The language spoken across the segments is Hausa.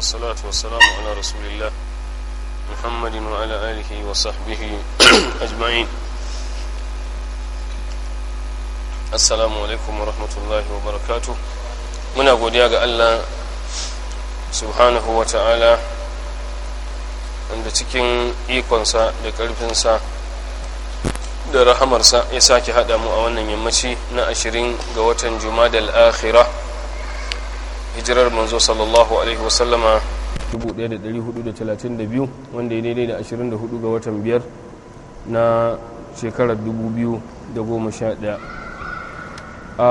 والصلاة والسلام على رسول الله محمد وعلى آله وصحبه أجمعين السلام عليكم ورحمة الله وبركاته من أقول يا الله سبحانه وتعالى wanda cikin ikonsa da ƙarfinsa da rahamarsa ya sake haɗa mu a wannan yammaci na ashirin ga watan juma'a da al'akhirah hijirar manzo sallallahu alaihi wasallama 1432 wanda ya daidai da 24 ga watan biyar na shekarar 2011 a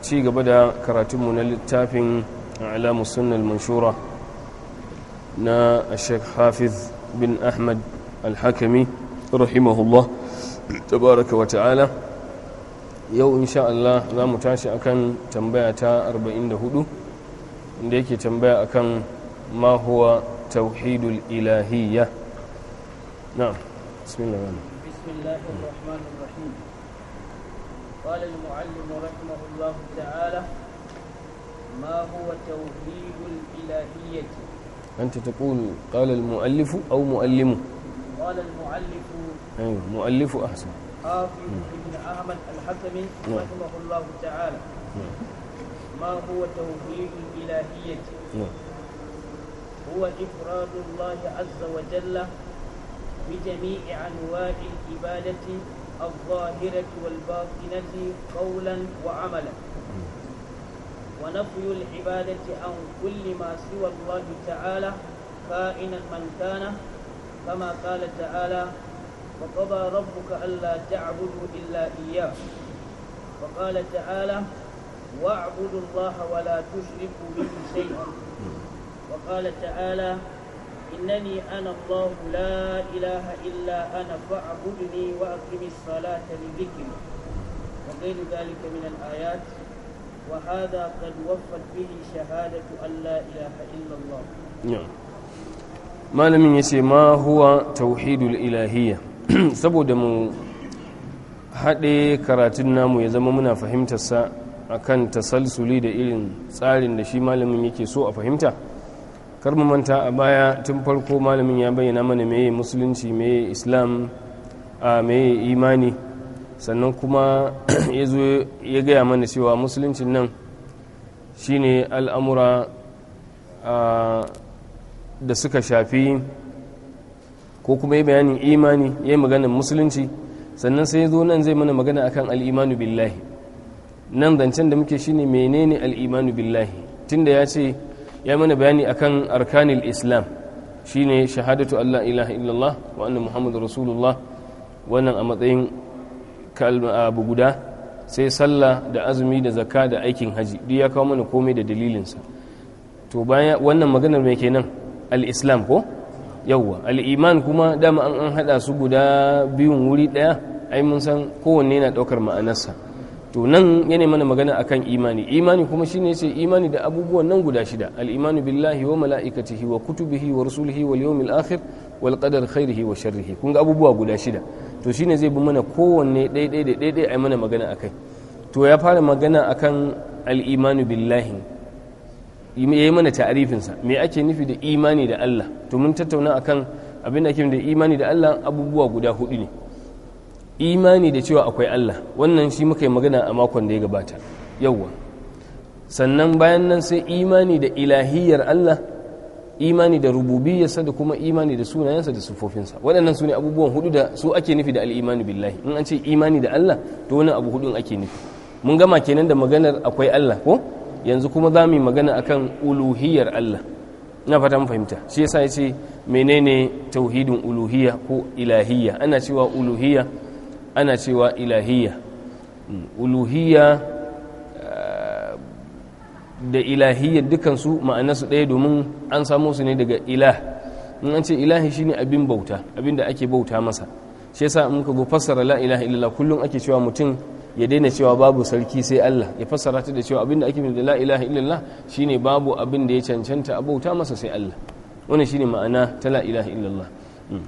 ci gaba da karatunmu na littafin alamu sunnal manshura na sheikh hafiz bin ahmad alhakami rahimahullah tabaraka wa ta'ala yau insha Allah za mu tashi akan tambaya ta 44 inda yake tambaya akan ma huwa tauhidul ilahiyya na'am bismillah bismillahir rahmanir rahim qala al muallim rahimahullah ta'ala ma huwa مؤلف حافظ بن أحمد الحكمي رحمه الله تعالى ما هو توحيد الإلهية هو إفراد الله عز وجل بجميع أنواع العبادة الظاهرة والباطنة قولا وعملا ونفي العبادة عن كل ما سوى الله تعالى كائنا من كان كما قال تعالى وقضى ربك ألا تعبدوا إلا إياه وقال تعالى واعبدوا الله ولا تشركوا به شيئا وقال تعالى إنني أنا الله لا إله إلا أنا فاعبدني وأقم الصلاة لذكري وغير ذلك من الآيات وهذا قد وفت به شهادة أن لا إله إلا الله نعم ما لم يسي ما هو توحيد الإلهية saboda mu haɗe karatun namu ya zama muna fahimtarsa a kan tasalsuli da irin tsarin da shi malamin yake so a fahimta kar mu manta a baya tun farko malamin ya bayyana mana meye musulunci meye islam a mai imani sannan kuma ya zo ya gaya mana cewa musuluncin nan shine al'amura da suka shafi ko kuma ya bayanin imani ya yi maganar musulunci sannan sai zo nan zai mana magana akan al'imanu billahi nan zancen da muke shine menene al'imanu billahi tunda ya ce ya mana bayani akan arkanil islam shine shahadatu allah ilaha illallah wa anna muhammadu rasulullah wannan a matsayin kalma abu guda sai sallah da azumi da zakka da aikin haji duk ya kawo mana komai da dalilinsa to bayan wannan maganar mai kenan al-islam ko yawwa al'iman kuma dama an an haɗa su guda biyun wuri ɗaya ai mun san kowanne na ɗaukar ma'anarsa to nan yana mana magana akan imani imani kuma shine ce imani da abubuwan nan guda shida al'imanu billahi wa mala'ikatihi wa kutubihi wa rusulihi wal yawmil akhir wal qadar khairihi wa sharrihi kun ga abubuwa guda shida to shine zai bi mana kowanne ɗaiɗai da ɗaiɗai ai mana magana akai to ya fara magana akan al'imanu billahi ya yi mana ta'arifinsa me ake nufi da imani da Allah to mun tattauna akan abin da ake da imani da Allah abubuwa guda hudu ne imani da cewa akwai Allah wannan shi muka yi magana a makon da ya gabata yawwa sannan bayan nan sai imani da ilahiyar Allah imani da rububiyarsa da kuma imani da sunayensa da sufofinsa waɗannan su ne abubuwan hudu da su ake nufi da al'imani billahi in an ce imani da Allah to wani abu hudun ake nufi mun gama kenan da maganar akwai Allah ko yanzu kuma za mu yi magana a kan uluhiyar Allah na fata mu fahimta shi yasa ya ce menene tauhidin uluhiya ko ilahiya ana cewa uluhiyya ana cewa ilahiyya hmm, uluhiyya eh, da ilahiya dukansu ma'anarsu ɗaya domin an samo su ne daga ilah in an ce ilahi shine abin bauta abin da ake bauta masa shi yasa muka zo fassara la ilaha illallah kullum ake cewa mutum ya daina cewa babu sarki sai Allah ya fassara ta da cewa abinda ake da la ilaha illallah shine babu abin da ya cancanta abauta masa sai Allah wannan shine ma'ana ta la ilaha illallah hmm.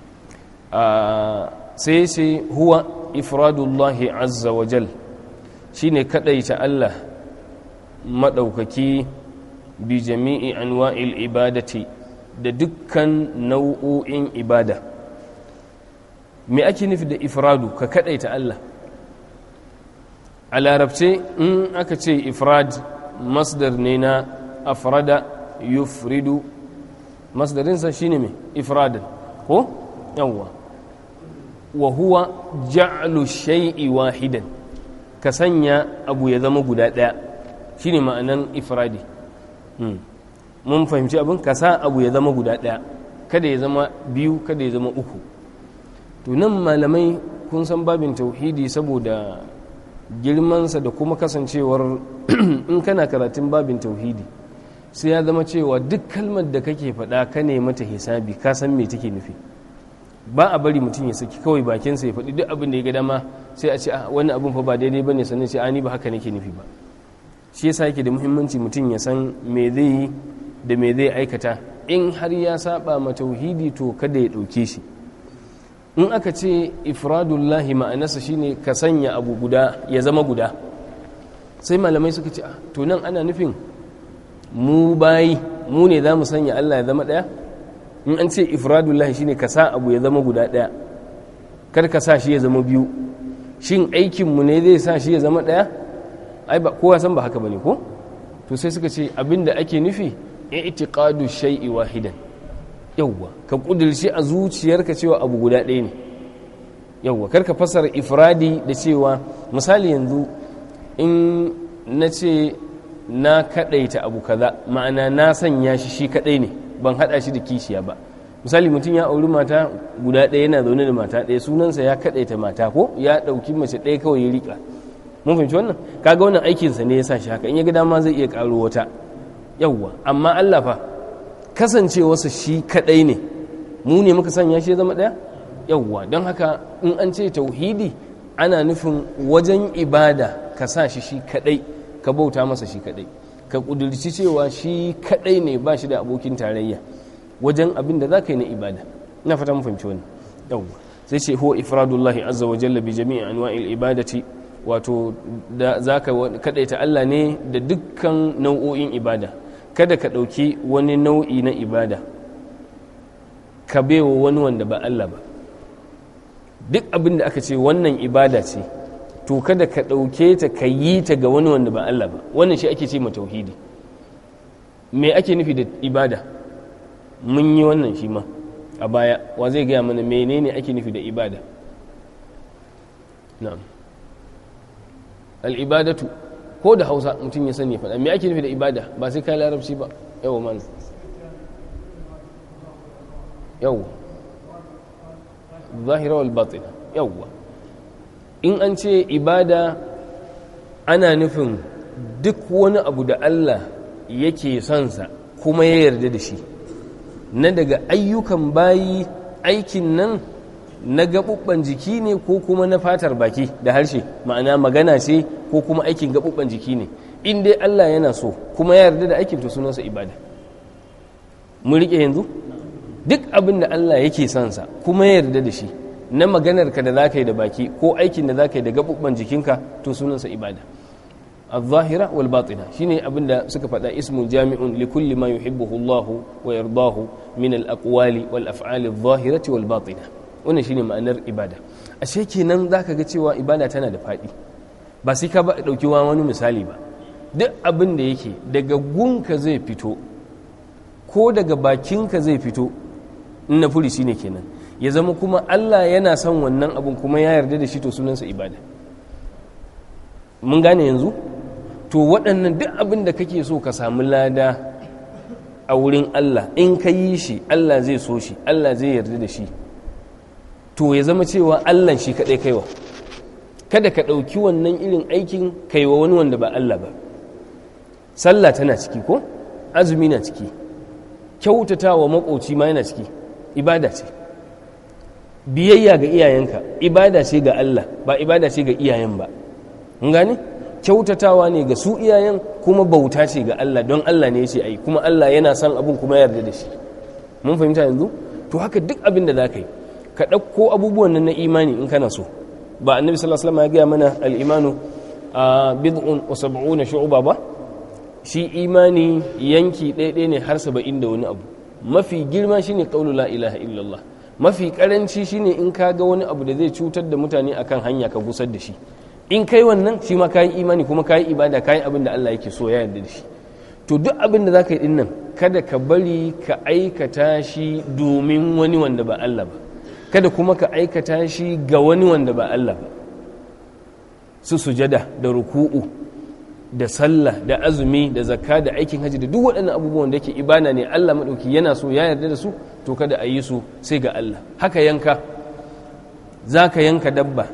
ah, sai sai huwa ifradullahi azza wa jal shine kadaita Allah madaukaki bi jami'i anwa'il ibadati da dukkan nau'o'in ibada me ake nufi da ifradu ka kadaita Allah a larabce in aka ce ifrad masdar ne na afrada yufridu masdarinsa shine mai ifradin ko yawwa wa huwa ja'lu shay'i wahidan ka sanya abu ya zama guda ɗaya shine ma'anan ifradi hmm. mun fahimci abin ka sa abu ya zama guda ɗaya kada ya zama biyu kada ya zama uku to nan malamai kun san babin tauhidi saboda girmansa da kuma kasancewar in kana karatun babin tauhidi sai ya zama cewa duk kalmar da kake faɗa ka ne mata hisabi ka san me take nufi ba a bari mutum ya saki kawai bakinsa ya faɗi duk abin da ya ga dama sai a ce ah, wani abin fa ba daidai ba ne sannan sai ani ah, ba haka nake nufi ba shi yasa yake da muhimmanci mutum ya san me zai yi da me zai aikata in har ya saba ma tauhidi to kada ya ɗauke shi in aka ce ifradullahi ma'anarsa shine ka sanya abu guda ya zama guda sai malamai suka ce ah, to nan ana nufin mu bayi mu ne za mu sanya Allah ya zama ɗaya in an ce ifradullahi shine ka sa abu ya zama guda ɗaya kar ka sa shi ya zama biyu shin aikinmu ne zai sa shi ya zama ɗaya ai ba kowa san ba haka bane ko to sai suka ce abinda ake nufi i'tiqadu shay'i wahidan yawwa ka kudirce a zuciyarka cewa abu guda ɗaya ne yawwa karka fasara ifradi da cewa misali yanzu in na ce na kaɗaita abu kaza ma'ana na sanya shi shi kaɗai ne ban haɗa shi da kishiya ba misali mutum ya auri mata guda ɗaya yana zaune da mata ɗaya sunansa ya kaɗaita mata ko ya ɗauki mace ɗaya kawai ya riƙa mun fahimci wannan kaga wannan aikinsa ne ya sa shi haka in ya ga dama zai iya ƙaro wata yawwa amma allah fa kasancewarsa shi kadai ne mu ne muka sanya shi zama ɗaya yawwa don haka in an ce tauhidi ana nufin wajen ibada ka sa shi shi kadai ka bauta masa shi kadai ka kudurci cewa shi kadai ne ba shi da abokin tarayya wajen abin da za ka yi na ibada na fata fahimci wani yawwa sai ce ho ifradullahi azza wa jalla bi jami'i anwa'il ibadati wato da zaka Allah ne da dukkan nau'o'in ibada kada ka ɗauki wani nau'i na ibada ka bewa wani wanda ba Allah ba duk abin da aka ce wannan ibada ce to kada ka ɗauke ta ka yi ta ga wani wanda ba Allah ba wannan shi ake ce ma tauhidi me ake nufi da ibada mun yi wannan shi ma a baya wa zai gaya mana menene ake nufi da ibada na'am al-ibadatu ko da hausa mutum ya sani faɗa me ake nufi da ibada ba sai kai larabci ba yau man yau zahira wal batina in an ce ibada ana nufin duk wani abu da Allah yake sonsa kuma ya yarda da shi na daga ayyukan bayi aikin nan na gaɓuɓɓan jiki ne ko kuma na fatar baki da harshe ma'ana magana ce ko kuma aikin gaɓuɓɓan jiki ne in dai Allah yana so kuma ya yarda da aikin sunansa ibada mun riƙe yanzu duk abin da Allah yake sansa kuma ya yarda da shi na maganar ka da ka yi da baki ko aikin da zaka yi da gaɓuɓɓan jikinka to sunansa ibada الظاهرة والباطنة شيني أبدا سكفة اسم جامع لكل ما يحبه الله ويرضاه من الأقوال والأفعال wal والباطنة wannan shine ma'anar ibada ashe kenan zaka ga cewa ibada tana da faɗi ba sai ka ba dauki wani misali ba duk abin da yake daga gunka zai fito ko daga bakinka zai fito in na furi shine kenan ya zama kuma Allah yana son wannan abun kuma ya yarda da shi to sunansa ibada mun gane yanzu to waɗannan duk abin da kake so ka samu lada a wurin Allah in ka yi shi Allah zai so shi Allah zai yarda da shi to ya zama cewa Allah shi kaɗai kaiwa kada ka ɗauki wannan irin aikin kaiwa wani wanda ba Allah ba sallah tana ciki ko azumi na ciki kyautata wa makoci ma yana ciki ibada ce biyayya ga iyayenka ibada ce ga Allah ba ibada ce ga iyayen ba mun gane kyautatawa ne ga su iyayen kuma bauta ce ga Allah don Allah ne ce ai kuma Allah yana son abin kuma yarda da shi mun fahimta yanzu to haka duk abin da za ka yi ka ɗauko abubuwan nan na imani in kana so ba annabi sallallahu alaihi wasallam ya gaya mana al-imanu bid'un wa sab'una shu'ba ba shi imani yanki ɗaya ne har saba'in da wani abu mafi girma shine qaulu la ilaha illallah mafi karanci shine in ka ga wani abu da zai cutar da mutane akan hanya ka gusar da shi in kai wannan shi ma kayi imani kuma kayi ibada kayi abin da Allah yake so ya yarda da shi to duk abin da zaka yi dinnan, kada ka bari ka aikata shi domin wani wanda ba Allah ba kada kuma ka aikata shi ga wani wanda ba Allah ba su sujada da ruku'u da sallah da azumi da zakka da aikin haji da duk waɗannan abubuwan da ke ibana ne Allah madauki yana so ya yarda da su to kada a yi su sai ga Allah haka yanka za yanka dabba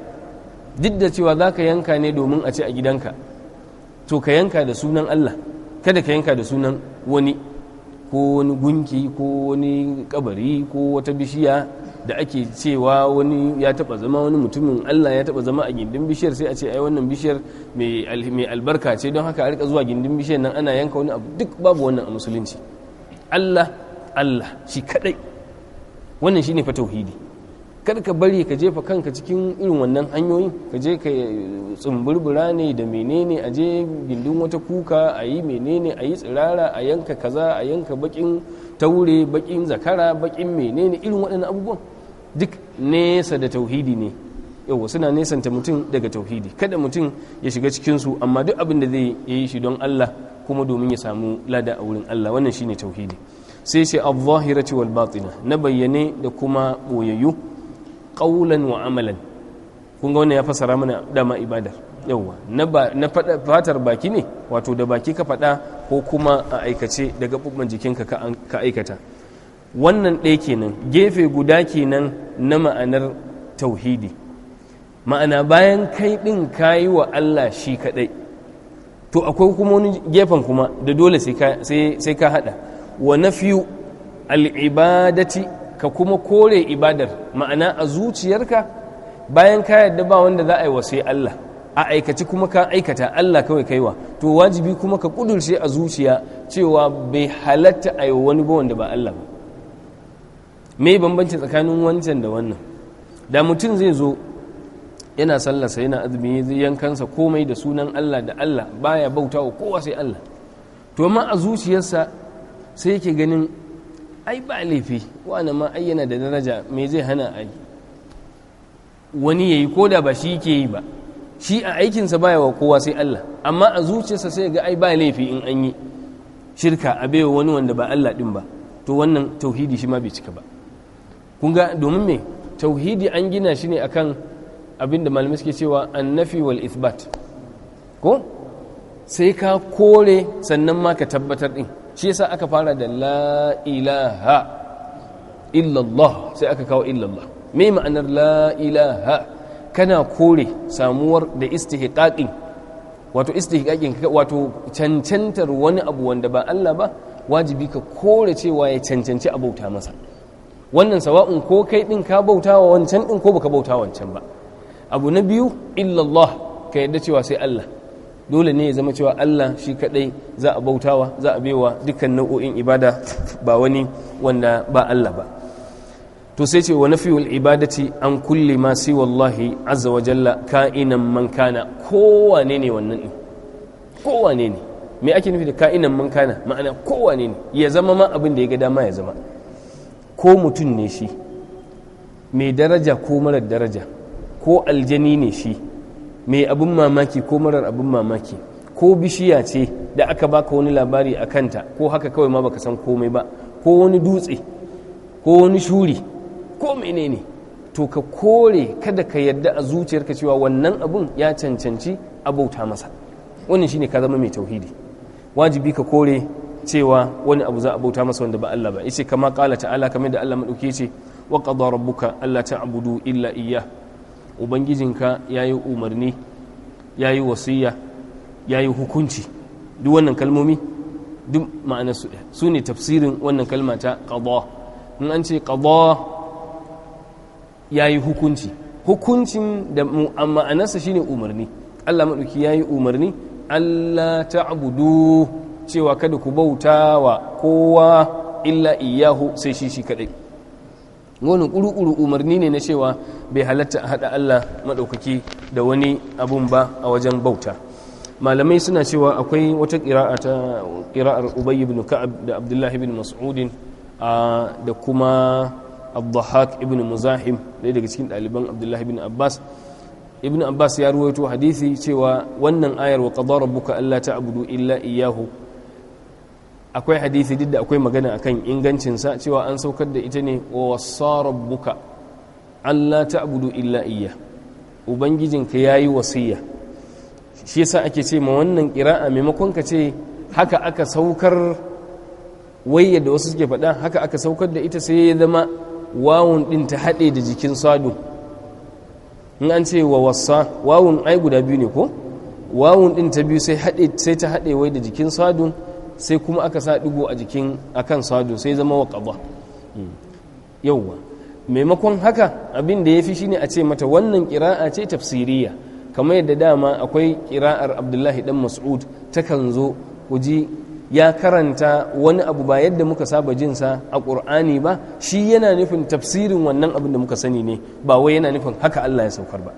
duk da cewa zaka yanka ne domin a ci a gidanka to ka yanka da sunan Allah kada ka yanka da sunan wani ko wani gunki ko wani kabari ko wata bishiya da ake cewa wani ya taba zama wani mutumin Allah ya taba zama a gindin bishiyar sai a ce ai wannan bishiyar mai albarka ce don haka a rika zuwa gindin bishiyar nan ana yanka wani abu duk babu wannan a musulunci Allah Allah shi kadai wannan shine fa tauhidi kada ka bari ka jefa kanka cikin irin wannan hanyoyin ka je ka tsumburbura ne da menene a je gindin wata kuka a yi menene a yi tsirara a yanka kaza a yanka bakin taure baƙin zakara baƙin menene irin waɗannan abubuwan duk nesa da tauhidi ne yau suna nesanta mutum daga tauhidi kada mutum ya shiga cikinsu amma duk abin da zai yi shi don Allah kuma domin ya samu lada a wurin Allah wannan shine tauhidi sai ce al-zahirati wal batina na bayyane da kuma boyayyu ƙaulan wa amalan kun ga wannan ya fassara mana dama ibadar yawwa na fatar baki ne wato da baki ka faɗa ko kuma a aikace daga gaɓuɓɓen jikinka ka aikata wannan ɗaya kenan gefe guda kenan na ma'anar tauhidi ma'ana bayan kai ɗin ka yi wa allah shi kaɗai to akwai kuma wani gefen kuma da dole sai ka haɗa wa na fiyu al'ibadati ka kuma kore ibadar ma'ana a zuciyarka bayan ka yadda ba wanda za a yi wa sai allah a aikace kuma ka aikata Allah kawai kaiwa to wajibi kuma ka kudurce a zuciya cewa bai halatta a wani ba wanda ba Allah ba me bambanci tsakanin wancan da wannan da mutum zai zo yana sallarsa yana azumi zai yankansa komai da sunan Allah da Allah baya bauta wa kowa sai Allah to amma a zuciyarsa sai yake ganin ai ba laifi wani ma ai yana da daraja me zai hana ai wani yayi ko da ba shi yake yi ba shi a aikinsa baya wa kowa sai Allah amma a zuciyarsa sai ga ai ba laifi in an yi shirka a baiwa wani wanda ba Allah din ba to wannan tauhidi shi ma bai cika ba kun ga domin me tauhidi an gina shi ne akan abin da malamai suke cewa annafi wal ithbat ko sai ka kore sannan ma ka tabbatar din shi yasa aka fara da la ilaha illallah sai aka kawo illallah me ma'anar la ilaha kana kore samuwar da istihikakin wato istihikakin wato cancantar wani abu wanda ba Allah ba wajibi ka kore cewa ya cancanci a bauta masa wannan sawa'un ko kai din ka bauta wa wancan din ko baka bauta wancan ba abu na biyu illallah ka yadda cewa sai Allah dole ne ya zama cewa Allah shi kadai za a bautawa za a baiwa dukkan nau'o'in ibada ba wani wanda ba Allah ba to sai ce wa nafiyul ibadati an kulle ma si wallahi azza wa jalla ka'inan man kana kowane ne wannan din kowane ne me ake nufi da ka'inan man kana ma'ana kowane ne ya zama ma abin da ya ga dama ya zama ko mutum ne shi mai daraja ko marar daraja ko aljani ne shi mai abin mamaki ko marar abin mamaki ko bishiya ce da aka baka wani labari a kanta ko haka kawai ma baka san komai ba ko wani dutse ko wani shuri ko menene to ka kore kada ka yadda a zuciyarka cewa wannan abun ya cancanci abauta masa wannan shine ka zama mai tauhidi wajibi ka kore cewa wani abu za a bauta masa wanda ba Allah ba yace kama kala ta'ala kamar da Allah madauke ce wa qada rabbuka alla ta'budu illa iyyah ubangijinka yayi umarni yayi wasiya yayi hukunci duk wannan kalmomi duk ma'anar su su ne tafsirin wannan kalma ta qada in an ce qada ya yi hukunci hukuncin da ma'anarsa shine umarni Allah maɗauki ya yi umarni Allah ta abudu cewa kada ku bauta wa kowa illa iyahu sai shi shi kaɗai wani ƙuruƙuru umarni ne na cewa bai halatta a haɗa Allah maɗaukaki da wani abun ba a wajen bauta malamai suna cewa akwai wata ƙira'a ta ƙira'ar ubayy ibn ka'ab da abdullahi bin mas'udin da kuma abdullahak ibn muzahim ɗaya daga cikin ɗaliban abdullahi ibn abbas ابن abbas ya ruwaito hadisi cewa wannan ayar wa qadara rabbuka alla ta'budu illa iyyahu akwai hadisi duk akwai magana akan ingancin sa cewa an saukar da ita ne wa wassa rabbuka alla ta'budu illa iyyah ubangijinka yayi wasiya shi yasa ake ce ma wannan qira'a maimakon ka ce haka aka saukar wayyada da wasu suke faɗa haka aka saukar da ita sai ya zama wawun ɗin ta haɗe da jikin sadu in an ce wa wasa wawun ai guda biyu ne ko wawun ɗin ta biyu sai ta haɗe wai da jikin sadu sai kuma aka sa ɗigo a jikin akan sadu sai zama wa ƙaba hmm. yauwa maimakon haka abin da ya fi shine a ce mata wannan ƙira'a ce tafsiriya kamar yadda dama akwai ƙira'ar abdullahi dan mas'ud takan zo ku ji. ya karanta wani abu ba yadda muka saba jinsa a ƙur'ani ba shi yana nufin tafsirin wannan abin da muka sani ne ba wai yana nufin haka Allah ya saukar ba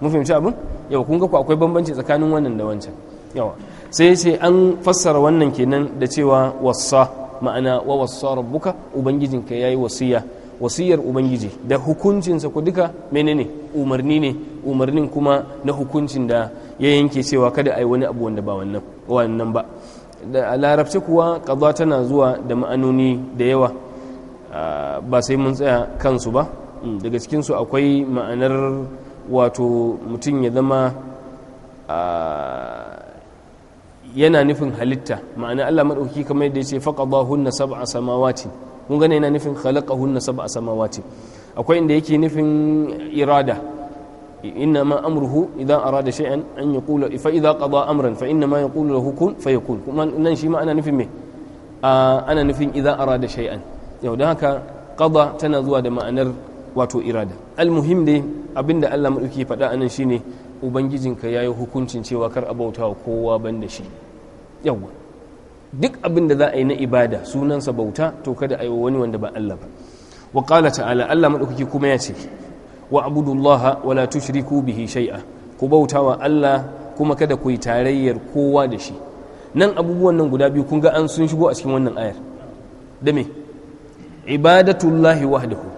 mun fahimci abin yau kun ga ku akwai bambanci tsakanin wannan da wancan yawa sai ce an fassara wannan kenan da cewa wasa ma'ana wa wassa rabbuka ubangijinka yayi wasiya wasiyar ubangiji da hukuncinsa ku duka menene umarni ne umarnin kuma na hukuncin da ya yanke cewa kada a yi wani abu wanda ba wannan ba da a larabci kuwa ƙazuwa tana zuwa da ma'anoni da yawa ba sai mun tsaya kansu ba mm, daga cikinsu akwai ma'anar wato mutum ya zama yana nufin halitta ma'ana Allah maɗauki kamar yadda ya ce faƙaɗa hunna saba a samawati mun gane yana nufin khalaƙa hunna saba a samawati akwai inda yake nufin irada إنما أمره إذا أراد شيئا أن يقول فإذا قضى أمرا فإنما يقول له كن فيكون كما ننشي ما أنا نفهمه آه أنا نفهم إذا أراد شيئا yau da haka qada tana zuwa da ma'anar wato irada almuhim dai abinda Allah madauki faɗa anan shine ubangijinka yayi hukuncin cewa kar abautawa kowa banda shi yawa duk abinda za a yi na ibada sunansa bauta to kada a yi wani wanda ba Allah ba wa qala ta'ala Allah madaukaki kuma ya ce wa abudullaha wala tushriku bihi shay'a ku bautawa Allah kuma kada ku yi tarayyar kowa da shi nan abubuwan nan guda biyu kun ga an sun shigo a cikin wannan ayar da me ibadatullahi wahdahu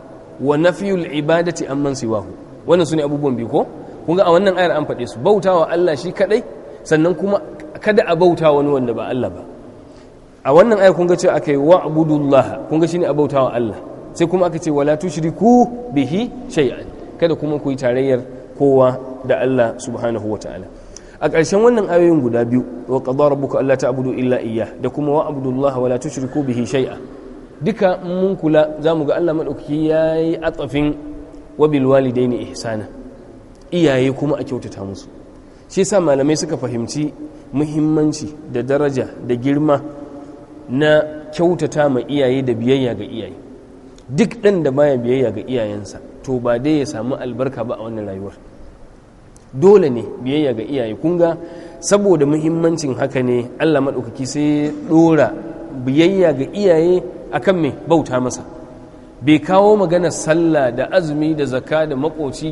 wa nafiyul ibadati amman siwahu wannan sune abubuwan biyu ko kun ga a wannan ayar an faɗe su bautawa Allah shi kadai sannan kuma kada a bauta wani wanda ba Allah ba a wannan ayar kun ga cewa akai wa'budullaha kun ga shine a bautawa Allah sai kuma aka ce wala tushriku bihi shay'an kada kuma ku yi tarayyar kowa da Allah subhanahu wa ta'ala a ƙarshen wannan ayoyin guda biyu wa qadara rabbuka alla ta'budu illa iya da kuma wa abdullahi wa tushriku bihi shay'a duka mun kula zamu ga Allah madaukaki yayi tsafin wa bil walidaini ihsana iyaye kuma a kyautata musu shi yasa malamai suka fahimci muhimmanci da daraja da girma na kyautata ma iyaye da biyayya ga iyaye duk ɗan da baya biyayya ga iyayensa to ba dai ya samu albarka ba a wannan rayuwar dole ne biyayya ga iyaye kunga saboda muhimmancin haka ne allah maɗaukaki sai ɗora biyayya ga iyaye akan mai bauta masa bai kawo magana sallah da azumi da zaka da makoci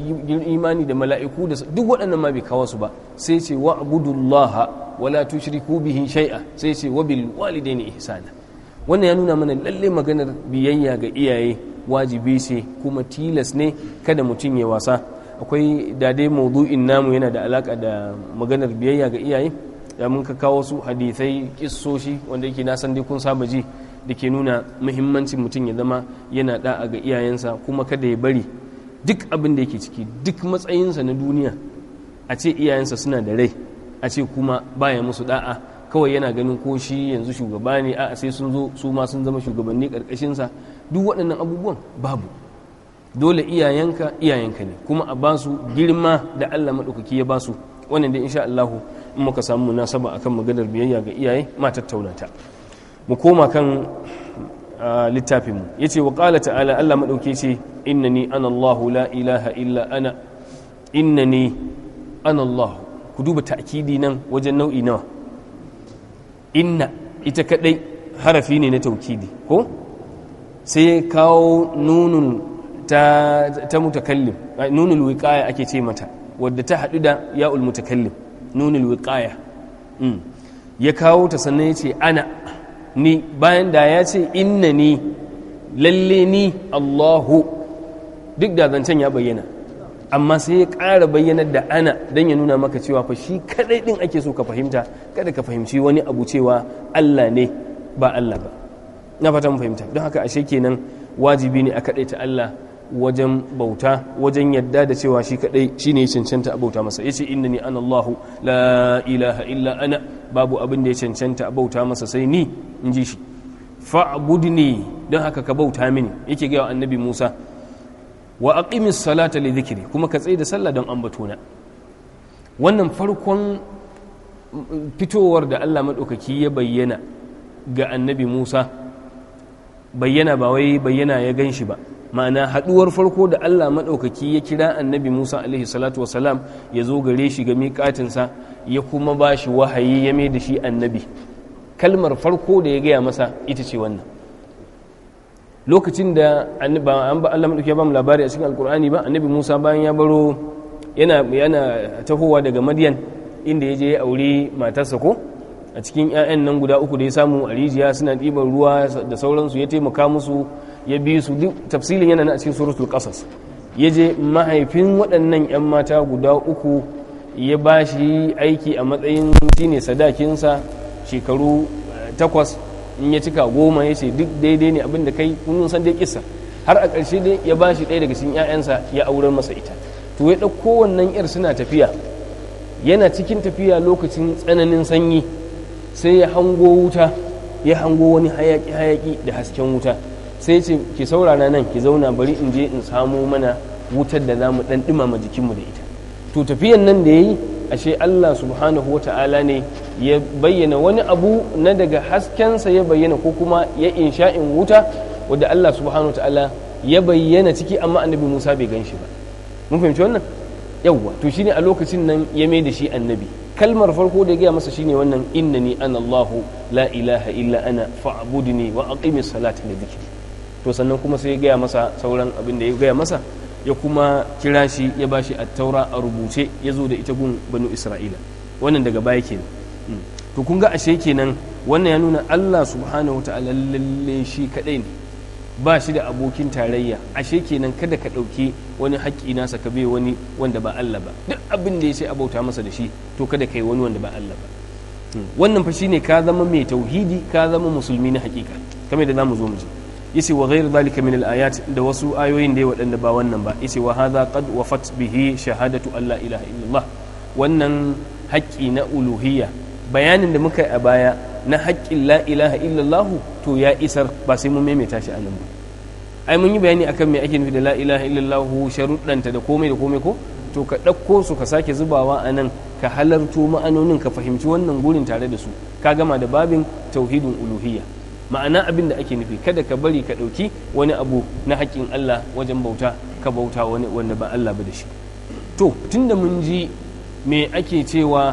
imani da mala'iku da duk waɗannan ma bai kawo su ba sai ce wa abudullaha wala tushriku bihi shay'a sai ce wa bil walidaini ihsana wannan ya nuna mana lalle maganar biyayya ga iyaye wajibi ce kuma tilas ne kada mutum ya wasa akwai dade dai maudu'in namu yana da alaka da maganar biyayya ga iyaye da mun ka kawo su hadithai kissoshi wanda yake nasan dai kun saba ji da ke nuna muhimmancin mutum ya zama yana da'a ga iyayensa kuma kada ya bari duk abin da yake ciki duk matsayinsa na duniya a ce iyayensa suna da rai a ce kuma baya musu da'a kawai yana ganin ko shi yanzu shugaba ne a sai sun zo su ma sun zama shugabanni karkashinsa duk waɗannan abubuwan babu dole iyayenka iyayenka ne kuma a basu girma da Allah maɗaukaki ya basu wannan dai insha Allah in muka samu munasaba akan maganar biyayya ga iyaye ma tattaunata mu koma kan littafin mu yace wa qala ta'ala Allah maɗauki ce innani ana Allah la ilaha illa ana innani ana Allah ku duba ta'kidi nan wajen nau'i nawa inna ita kadai harafi ne na taukidi ko sai ya kawo nunun ta, nunul ake ce mata wadda ta haɗu da ya'ul mutakallim nunul wiqaya mm. ya kawo ta sannan ya ce ana ni bayan da ya ce inna ni lalle ni allahu duk da zancen ya bayyana amma sai ya kara bayyanar da ana don ya nuna maka cewa fa shi kaɗai ɗin ake so ka fahimta kada ka fahimci wani abu cewa allah ne ba allah ba na fata mu fahimta don haka ashe kenan wajibi ne a kaɗaita Allah wajen bauta wajen yadda da cewa shi kadai shine ya cancanta a bauta masa yace innani ana Allahu la ilaha illa ana babu abin da ya cancanta a bauta masa sai ni in ji shi ne don haka ka bauta mini yake wa annabi Musa wa aqimis salata li dhikri kuma ka tsaye da sallah don na wannan farkon fitowar da Allah madaukaki ya bayyana ga annabi Musa bayyana ba wai bayyana ya gan shi ba ma'ana haɗuwar farko da Allah maɗaukaki ya kira annabi Musa alaihi salatu wasalam ya zo gare shi ga miƙatinsa ya kuma ba shi wahayi ya mai da shi annabi kalmar farko da ya gaya masa ita ce wannan lokacin da ba an ba Allah maɗauki ya ba mu labari a cikin alƙur'ani ba annabi Musa bayan ya baro yana yana tahowa daga Madiyan inda ya je ya aure matarsa ko a cikin 'ya'yan nan guda uku da ya samu a rijiya suna ɗiban ruwa da sauransu ya taimaka musu ya bi su duk tafsilin yana a cikin suratul qasas ya je mahaifin waɗannan 'yan mata guda uku ya ba shi aiki a matsayin shine sadakinsa shekaru eh, takwas in ya cika goma ya ce duk daidai ne abin da kai kunun san dai kisa har a ƙarshe dai ya ba shi ɗaya daga cikin 'ya'yansa ya aurar masa ita to ya ɗauko wannan 'yar suna tafiya yana cikin tafiya lokacin tsananin sanyi sai ya hango wuta ya hango wani hayaki hayaki da hasken wuta sai ce ki saurara nan ki zauna bari in je in samo mana wutar da za mu dan jikin jikinmu da ita to tafiyan nan da ya yi ashe Allah subhanahu wa ta'ala ne ya bayyana wani abu na daga haskensa ya bayyana ko kuma ya insha'in wuta wadda Allah subhanahu wa ta'ala ya bayyana ciki amma annabi Musa bai gan shi ba mun fahimci wannan yawwa to shine a lokacin nan ya mai da shi annabi kalmar farko da ya gaya masa shine wannan innani ana Allahu la ilaha illa ana fa'budni wa aqimi salati da zikri to sannan kuma sai ya gaya masa sauran abin da ya gaya masa ya kuma kira shi ya bashi at-taura a rubuce ya zo da ita gun banu isra'ila wannan daga baya kenan hmm. to kun ga ashe kenan wannan ya nuna Allah subhanahu wa ta'ala lalle shi kadai ne ba shi da abokin tarayya ashe kenan kada ka ɗauki wani haƙƙi nasa ka bai wani wanda ba Allah ba duk abin da ya ce abauta masa da shi to kada ka yi wani wanda ba Allah ba hmm. wannan fa shine ka zama mai tauhidi ka zama musulmi na hakika kamar da zamu zo mu ji yace wa ghairu zalika min al-ayat da wasu ayoyin da waɗanda ba wannan ba yace wa hadha qad wafat bihi shahadatu alla ilaha illallah wannan haƙƙi na uluhiyya bayanin da muka yi a baya na haƙƙin la ilaha illallah to ya isar ba sai mun maimaita shi a nan ba ai mun yi bayani akan me ake nufi da la ilaha illallah sharuɗanta da komai da komai ko to ka ɗauko su ka sake zubawa a nan ka halarto ma'anonin ka fahimci wannan gurin tare da su ka gama da babin tauhidin uluhiyya ma'ana abin da ake nufi kada ka bari ka ɗauki wani abu na haƙƙin Allah wajen bauta ka bauta wani wanda ba Allah ba da shi to tunda mun ji me ake cewa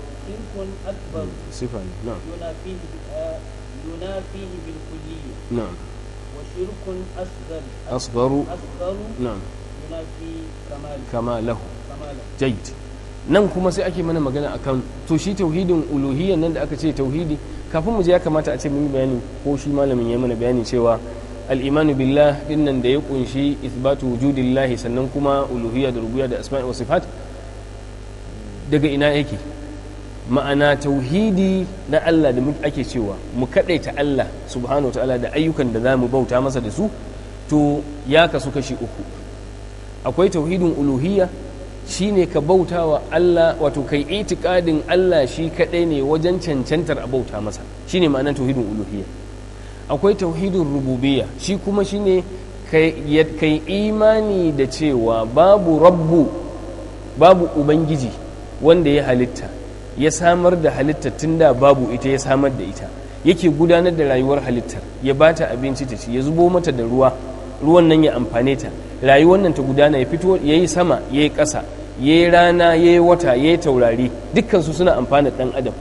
شرك أكبر صفة نعم ينافيه ينافيه بالكلية نعم وشرك أصغر أصغر أصغر نعم ينافي كماله كماله جيد nan kuma sai ake mana magana akan to shi tauhidin uluhiyyar nan da aka ce tauhidi kafin mu je ya kamata a ce mun bayani ko shi malamin ya mana bayani cewa al'imanu billah din nan da ya kunshi isbatu wujudillahi sannan kuma uluhiyya da rubuya da asma'i wa sifat daga ina yake ma'ana tauhidi na Allah da ake cewa mu kaɗaita Allah subhanahu wa ta'ala da ayyukan da za mu bauta masa da su to ya kasu kashi uku akwai tauhidin uluhiyya shine ka bauta wa Allah wato kai itikadin Allah shi kaɗai ne wajen cancantar a bauta masa shine ma'ana tauhidin uluhiyya akwai tauhidin rububiyya shi kuma shine kai imani da cewa babu rabbu babu ubangiji wanda ya halitta ya samar da halittar tun da babu ita ya samar da ita yake gudanar da rayuwar halittar ya ba ta abinci ta ci ya zubo mata da ruwa ruwan nan ya amfane ta rayuwar nan ta gudana ya fito ya yi sama ya yi ƙasa ya yi rana ya yi wata ya yi taurari dukkansu suna amfana ɗan adam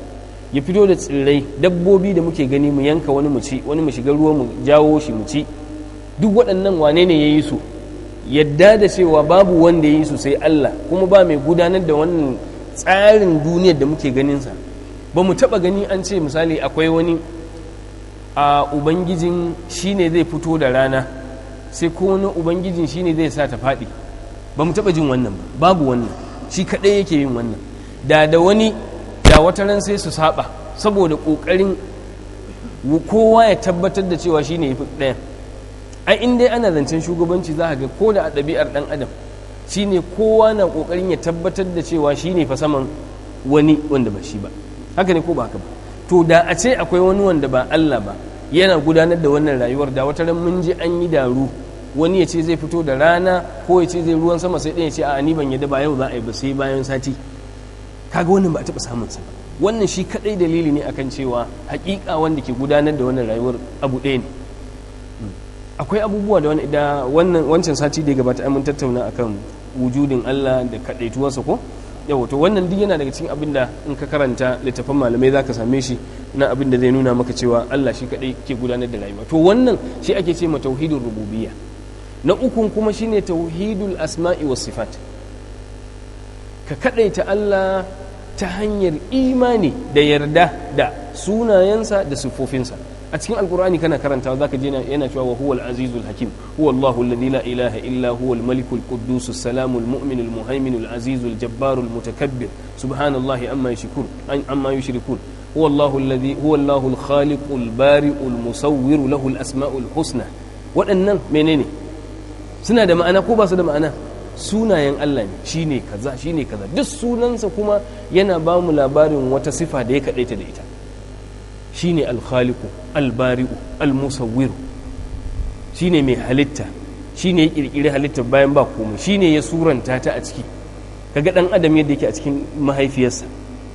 ya fito da tsirrai dabbobi da muke gani mu yanka wani mu ci wani mu shiga ruwa mu jawo shi mu ci duk waɗannan wane ne ya yi su yadda da cewa babu wanda ya yi su sai Allah kuma ba mai gudanar da wannan tsarin duniyar da muke ganinsa ba mu taɓa gani an ce misali akwai wani a ubangijin shine zai fito da rana sai ko wani ubangijin shine zai sa ta faɗi ba mu taɓa jin wannan ba babu wannan shi kaɗai yake yin wannan da da wani da wata ran sai su saba saboda ƙoƙarin kowa ya tabbatar da cewa shine ya fi ai in dai ana zancen shugabanci za a ga ko da a ɗabi'ar ɗan adam ne kowa na kokarin ya tabbatar da cewa shi ne fa saman wani wanda ba shi ba haka ne ko ba haka ba to da a ce akwai wani wanda ba Allah ba yana gudanar da wannan rayuwar da wata ran mun ji an yi daru wani ya ce zai fito da rana ko ya ce zai ruwan sama sai ɗaya ya ce a ni ban yadda ba yau za a yi ba sai bayan sati kaga wannan ba a taɓa samun sa wannan shi kadai dalili ne akan cewa hakika wanda ke gudanar da wannan rayuwar abu ɗaya ne hmm. akwai abubuwa da wannan wancan sati da gabata mun tattauna akan wujudin Allah da kadaituwarsa ko yawa to wannan duk yana daga cikin abin da in ka karanta littafin malamai ka same shi na abin da zai nuna maka cewa Allah shi kadai ke gudanar da rayuwa to wannan shi ake ce ma tauhidul rububiyya na ukun kuma shine tauhidul asma'i was sifat ka kadaita Allah ta hanyar imani da yarda da sunayensa da siffofinsa a cikin alkur'ani kana karantawa zaka je yana cewa wa huwal azizul hakim huwa allahu alladhi la ilaha illa huwa al malik quddus as salam mutakabbir subhanallahi amma yushrikun amma yushrikun huwa allahu alladhi huwa allahu al khaliq musawwir lahu al husna menene suna da ma'ana ko ba su da ma'ana sunayen Allah ne shine kaza shine kaza duk sunansa kuma yana ba mu labarin wata sifa da ya kadaita da ita Shi shine alkhaliku albari'u almusawwiru ne mai halitta Shi ne ya kirkiri halitta bayan ba komai Shi ne ya suranta ta a ciki kaga dan adam yadda yake a cikin mahaifiyarsa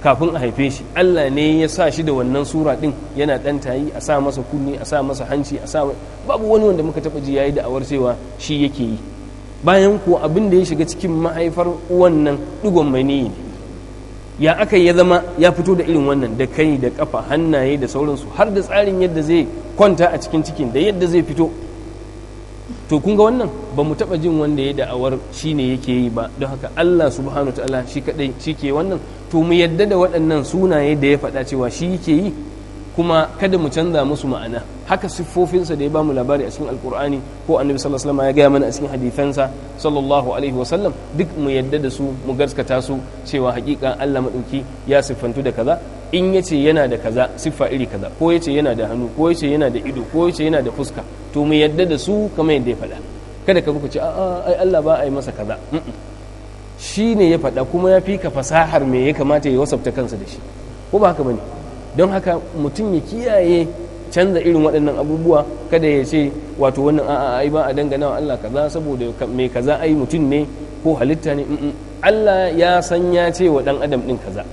kafin a haife shi Allah ne ya sa shi da wannan sura din yana dan tayi a sa masa kunni a sa masa hanci a sa babu wani wanda muka taba ji yayi da awar cewa shi yake yi bayan ko abin da ya shiga cikin mahaifar wannan ɗigon digon mai ne ya aka ya zama ya fito da irin wannan da kai da kafa hannaye da sauransu har da tsarin yadda zai kwanta a cikin cikin da yadda zai fito to kun ga wannan ba mu taba jin wanda ya da'awar shi ne yake yi ba don haka Allah subhanahu wa ta'ala shi kadai shi ke wannan to mu yadda da waɗannan sunaye da ya faɗa cewa shi yake yi kuma kada mu canza musu ma'ana haka siffofinsa da ya bamu labari a cikin alkur'ani ko annabi sallallahu alaihi wasallam ya gaya mana a cikin hadithansa sallallahu alaihi wasallam duk mu yadda da su mu gaskata su cewa hakika Allah madauki ya siffantu da kaza in yace yana da kaza siffa iri kaza ko yace yana da hannu ko yace yana da ido ko yace yana da fuska to mu yadda da su kamar yadda ya faɗa kada ka buku ce a'a ai Allah ba a yi masa kaza shi ne ya faɗa kuma ya fi ka fasahar me ya kamata ya wasafta kansa da shi ko ba haka bane don haka mutum ya kiyaye canza irin waɗannan abubuwa kada ya ce wato wannan a'a ai ba a dangana wa Allah kaza saboda mai kaza ai mutum ne ko halitta ne Allah ya san ya ce wa ɗan adam ɗin kaza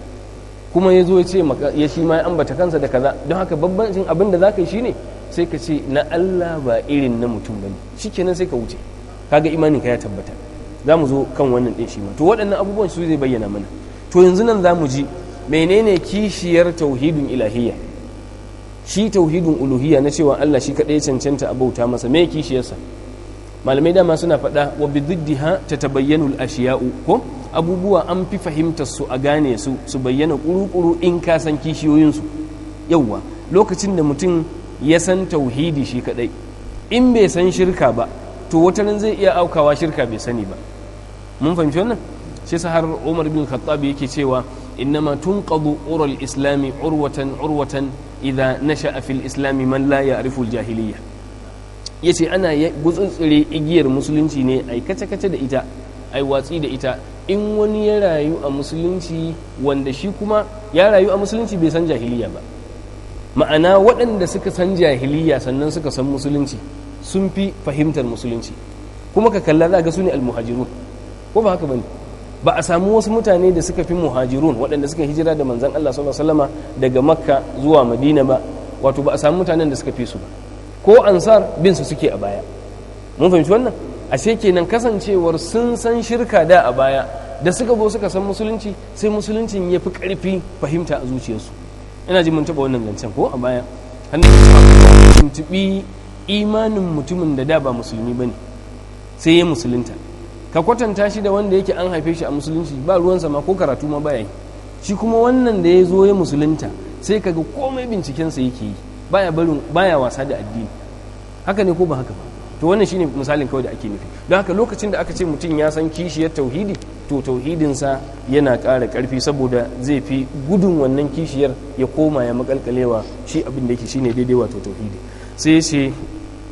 kuma ya zo ya ce ya shi ma ya ambata kansa da kaza don haka babban abin da za ka yi shi ne sai ka ce na Allah ba irin na mutum ba ne shi kenan sai ka wuce kaga imanin ka ya tabbata za mu zo kan wannan ɗin shi ma to waɗannan abubuwan su zai bayyana mana to yanzu nan za mu ji menene kishiyar tauhidin ilahiyya shi tauhidin uluhiyya na cewa Allah shi kadai cancanta a bauta masa me kishiyarsa malamai dama suna faɗa wa bididdiha ta tabayyanu ashiya'u ko abubuwa an fi fahimtar su a gane su su bayyana kuru-kuru in ka san kishiyoyinsu yauwa lokacin da mutum ya san tauhidi shi kadai in bai san shirka ba to wata nan zai iya aukawa shirka bai sani ba mun fahimci wannan shi har umar bin khattab yake cewa إنما تنقض عرى الإسلام عروة عروة إذا نشأ في الإسلام malla ya يعرف الجاهلية yace ana gutsutsure igiyar musulunci ne ai kace-kace da ita ai watsi da ita in wani ya rayu a musulunci wanda shi kuma ya rayu a musulunci bai san jahiliya ba ma'ana waɗanda suka san jahiliya sannan suka san musulunci sun fi fahimtar musulunci kuma ka kalla za ga su ne almuhajiru ko ba haka bane ba a samu wasu mutane da suka fi muhajirun waɗanda suka hijira da manzan Allah sallallahu alaihi daga makka zuwa madina ba wato ba a samu mutanen da suka fi su ba ko ansar bin su suke a baya mun fahimci wannan ashe kenan kasancewar sun san shirka da a baya da suka zo suka san musulunci sai musuluncin ya fi ƙarfi fahimta a zuciyarsu ina ji mun taɓa wannan zancen ko a baya hannun imanin mutumin da da ba musulmi ba ne sai ya musulunta ka kwatanta shi da wanda yake an haife shi a musulunci ba ruwansa ma ko karatu ma baya shi kuma wannan da ya zo ya musulunta sai ka kaga komai bincikensa yake yi baya barin baya wasa da addini haka ne ko ba haka ba to wannan shine misalin kawai da ake nufi don haka lokacin da aka ce mutum ya san kishiyar tauhidi to tauhidinsa yana ƙara ƙarfi saboda zai fi gudun wannan kishiyar ya koma ya makalkalewa shi abin da yake shine daidai wato tauhidi sai ce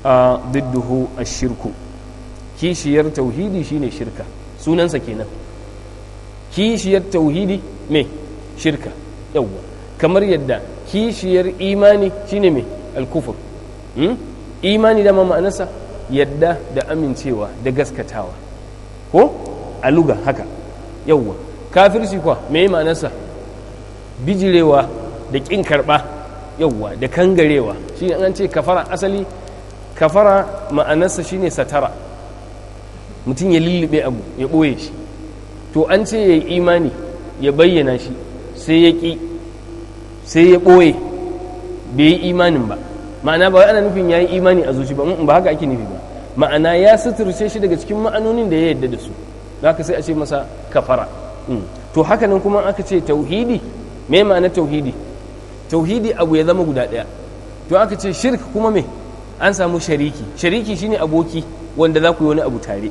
a didduhu ashirku kishiyar tauhidi shine shirka sunansa kenan kishiyar tauhidi me shirka yawwa kamar yadda kishiyar imani shine me alkufur hmm? imani da ma'anarsa yadda da amincewa da gaskatawa ko aluga haka yawwa kafirci kwa me ma'anarsa bijirewa da ƙin karɓa yawwa da kangarewa shi an ce kafara asali kafara ma'anarsa shine satara mutum ya lullube abu ya ɓoye shi to an ce ya yi imani ya bayyana shi sai ya ƙi sai ya ɓoye bai yi imanin ba ma'ana ba ana nufin ya yi imani a zuci ba mm, ba haka ake nufi ba ma'ana ya suturce shi daga cikin ma'anonin da ya yadda da su haka sai a ce masa kafara mm. to haka nan kuma aka ce tauhidi me ma'ana tauhidi tauhidi abu ya zama guda ɗaya to aka ce shirk kuma me an samu shariki shariki shine aboki wanda za ku yi wani abu tare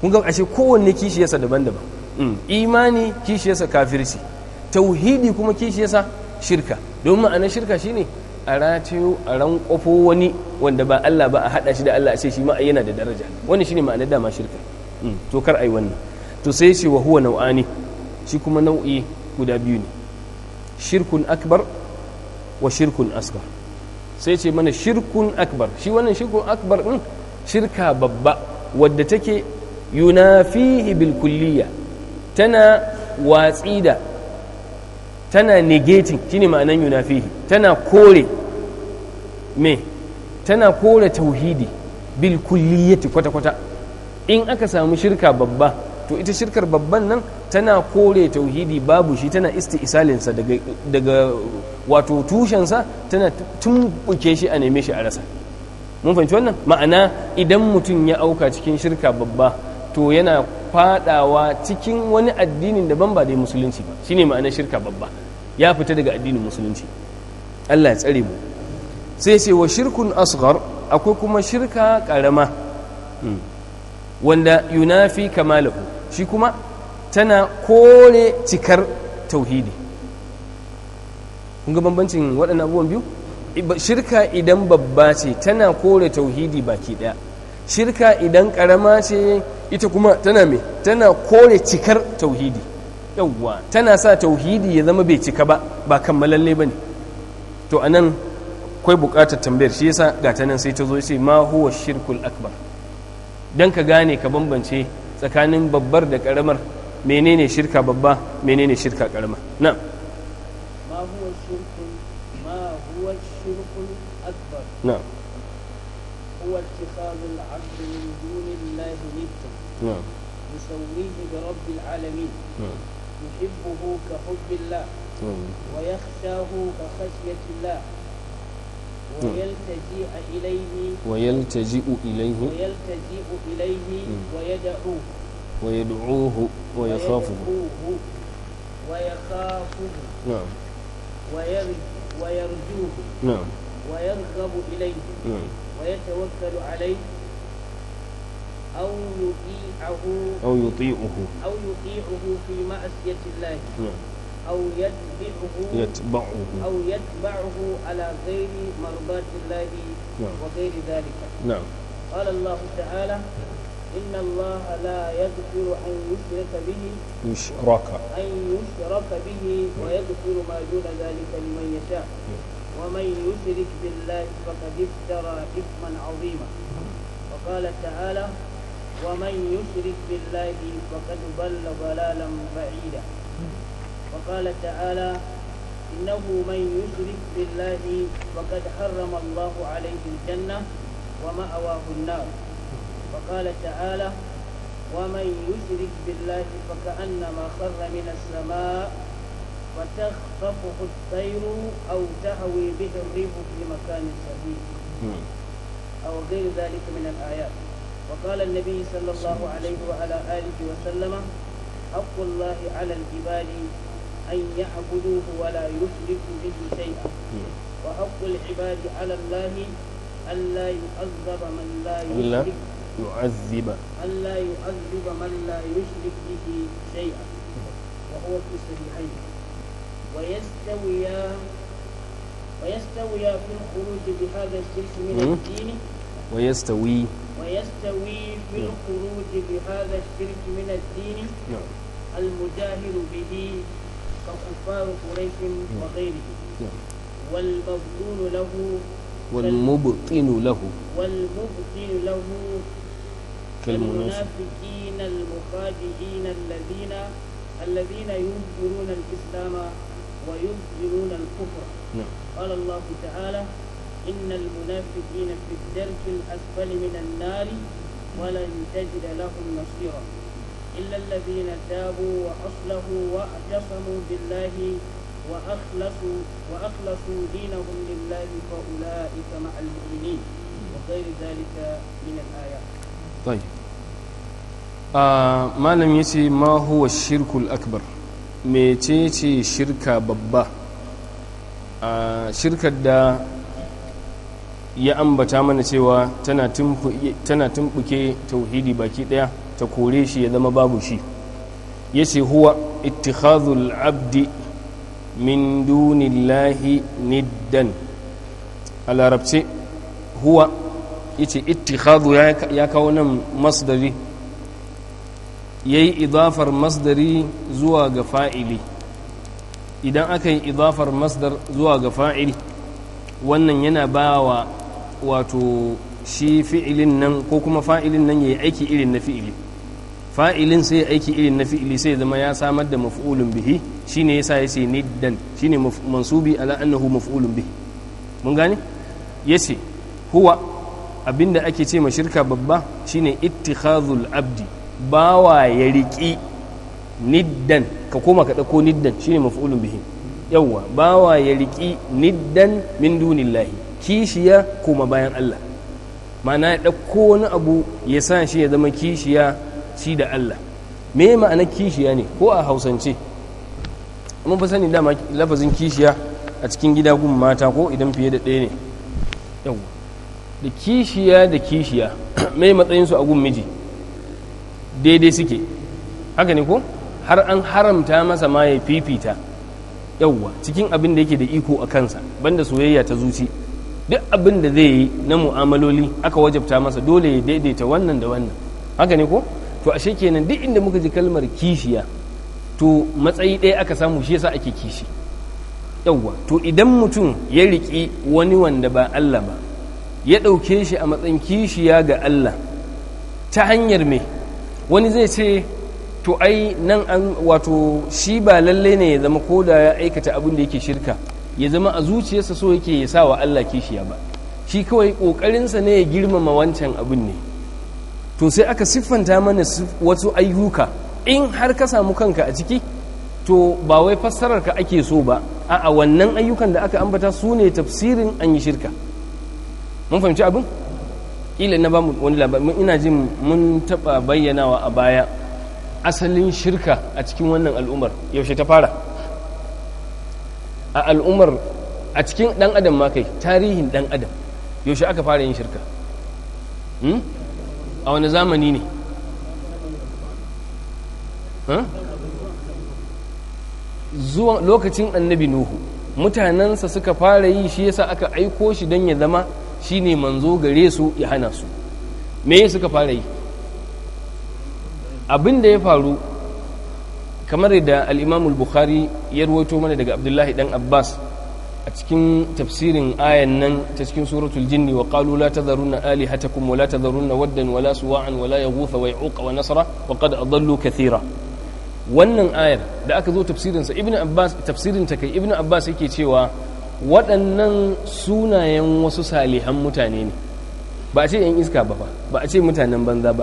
kun ga ashe kowanne kishiyarsa daban-daban mm. imani kishiyarsa kafirci tauhidi kuma kishiyarsa shirka domin ma'anar shirka shine a ratayo a rankwafo wani wanda ba Allah ba a haɗa shi da Allah a ce shi ma yana da daraja wani shine ma'anar dama shirka mm. to kar ai wannan to sai ce wa huwa nau'ani shi kuma nau'i guda biyu ne shirkun akbar wa shirkun asgar sai ce mana shirkun akbar shi wannan shirkun akbar din shirka babba wadda take yunafihi bil kulliya tana watsi da tana negating shine ma'anan yunafihi tana kore me tana kore tauhidi bil kwata-kwata in aka samu shirka babba to ita shirkar babban nan tana kore tauhidi babu shi tana isti'isalinsa daga, daga wato tushensa tana tumbuke shi a neme shi a rasa mun fahimci wannan ma'ana idan mutum ya auka cikin shirka babba to yana fadawa cikin wani addinin daban ba dai musulunci ba shine ma'ana shirka babba ya fita daga addinin musulunci Allah ya tsare mu sai sai wa shirkun asghar akwai kuma shirka karama hmm, wanda yunafi kamalahu shi kuma tana kore cikar tauhidi kun ga bambancin waɗannan abubuwan biyu shirka idan babba ce tana kore tauhidi baki ɗaya shirka idan ƙarama ce ita kuma tana mai tana kore cikar tauhidi yawwa tana sa tauhidi ya zama bai cika ba ba kammalalle ba ne to a nan kwai bukatar tambayar shi yasa ga ta nan sai ta zo ce ma huwa shirkul akbar dan ka gane ka bambance tsakanin babbar da karamar menene shirka babba menene shirka karama na ma huwa shirkul ma huwa shirkul akbar na huwa ittikhadul نعم بسويه برب العالمين نعم يحبه كحب الله نعم ويخشاه كخشية الله ويلتجئ إليه ويلتجئ إليه ويلتجئ إليه ويدعوه ويدعوه ويخافه ويخافه نعم ويرجوه نعم ويرغب إليه نعم ويتوكل عليه أو يطيعه أو يطيعه أو يطيعه في معصية الله نعم أو يتبعه يتبعه أو يتبعه على غير مرضاة الله نعم وغير ذلك نعم قال الله تعالى إن الله لا يغفر أن يشرك به يشرك أن يشرك به ويغفر ما دون ذلك لمن يشاء ومن يشرك بالله فقد افترى إثما عظيما وقال تعالى ومن يشرك بالله فقد ضل ضلالا بعيدا وقال تعالى إنه من يشرك بالله فقد حرم الله عليه الجنة ومأواه النار وقال تعالى ومن يشرك بالله فكأنما خر من السماء فتخطفه الطير أو تهوي به الريح في مكان سبيل أو غير ذلك من الآيات وقال النبي صلى الله عليه وعلى آله وسلم حق الله على العباد أن يعبدوه ولا يشركوا به شيئا وحق العباد على الله ألا يعذب من لا يشرك يعذب لا يعذب من لا يشرك به شيئا وهو في الصحيحين ويستويا ويستويا في الخروج بهذا الشرك من الدين ويستوي ويستوي في الخروج بهذا الشرك من الدين نعم المجاهر به ككفار قريش وغيره نعم والمبطون له والمبطن له والمبطن له كالمنافقين المخادعين الذين الذين ينكرون الإسلام ويظهرون الكفر نعم قال الله تعالى إن المنافقين في الدرك الأسفل من النار ولن تجد لهم نصيرا إلا الذين تابوا وأصلحوا واعتصموا بالله وأخلصوا وأخلصوا دينهم لله فأولئك مع المؤمنين وغير ذلك من الآيات. طيب. آه ما لم يتي ما هو الشرك الأكبر؟ ميتيتي شركة ببا آه شركة دا ya ambata mana cewa tana tumbuke tauhidi baki daya ta kore shi ya zama babu shi ya ce huwa ittikhazul abdi min dunillahi niddan a larabce huwa ya ce ittikhazu ya kawo nan masdari ya yi idafar masdari zuwa ga fa'ili idan aka yi idafar masdar zuwa ga fa'ili wannan yana ba wa wato shi fi'ilin nan ko kuma fa'ilin nan ya yi aiki irin na fi'ili fa'ilin sai aiki irin na fi'ili sai zama ya samar da maf'ulun bihi shine yasa yace niddan shine mansubi ala annahu maf'ulun bihi mun gane yace huwa abinda ake ce ma shirka babba shine ittikhazul abdi bawa ya riki niddan ka koma ka dauko niddan shine maf'ulun bihi yawwa bawa ya riki niddan min dunillahi kishiya koma bayan Allah ma'ana ya ɗauko wani abu ya sa shi ya zama kishiya shi da Allah me ma'ana kishiya ne ko a hausance mun fi sani dama lafazin kishiya a cikin gida gun mata ko idan fiye da ɗaya ne yau da kishiya da kishiya me matsayinsu a gun miji daidai suke haka ne ko har an haramta masa ma ya fifita yauwa cikin abin da yake da iko a kansa banda soyayya ta zuci duk abin da zai yi na mu'amaloli aka wajabta masa dole ya daidaita wannan da wannan haka ne ko to ashe kenan duk inda muka ji kalmar kishiya to matsayi ɗaya aka samu shi yasa ake kishi yawwa to idan mutum ya riƙi wani wanda ba Allah ba ya ɗauke shi a matsayin kishiya ga Allah ta hanyar me wani zai ce to ai nan an wato shi ba lallai ne ya zama ko da ya aikata abin da yake shirka ya zama a zuciyarsa so yake ya sa wa Allah kishiya ba shi kawai ƙoƙarinsa ne ya girmama wancan abin ne to sai aka siffanta mana wasu ayyuka in har ka samu kanka a ciki to ba wai fassarar ka ake so ba a wannan ayyukan da aka ambata su ne tafsirin an yi shirka mun fahimci abin ƙila na bamu wani labarin ina jin mun taɓa bayyanawa a baya asalin shirka a cikin wannan al'ummar yaushe ta fara a al'ummar a cikin dan adam ma kai tarihin dan adam yaushe aka fara yin shirka hmm? a wani zamani ne zuwa lokacin annabi nuhu mutanensa suka fara yi shi yasa aka aiko shi don ya zama shi ne manzo gare su ya hana su me suka fara yi abin da ya faru kamar da al'imamul bukhari ya ruwaito mana daga abdullahi dan abbas a cikin tafsirin ayan nan ta cikin suratul jinni wa qalu la tadharunna alihatakum wa la tadharunna waddan wa la suwa'an wa la yaghutha wa ya'uq wa nasra wa qad adallu kathira wannan ayar da aka zo tafsirin sa ibnu abbas tafsirin ta kai ibnu abbas yake cewa waɗannan sunayen wasu salihan mutane ne ba a ce yan iska ba ba a ce mutanen banza ba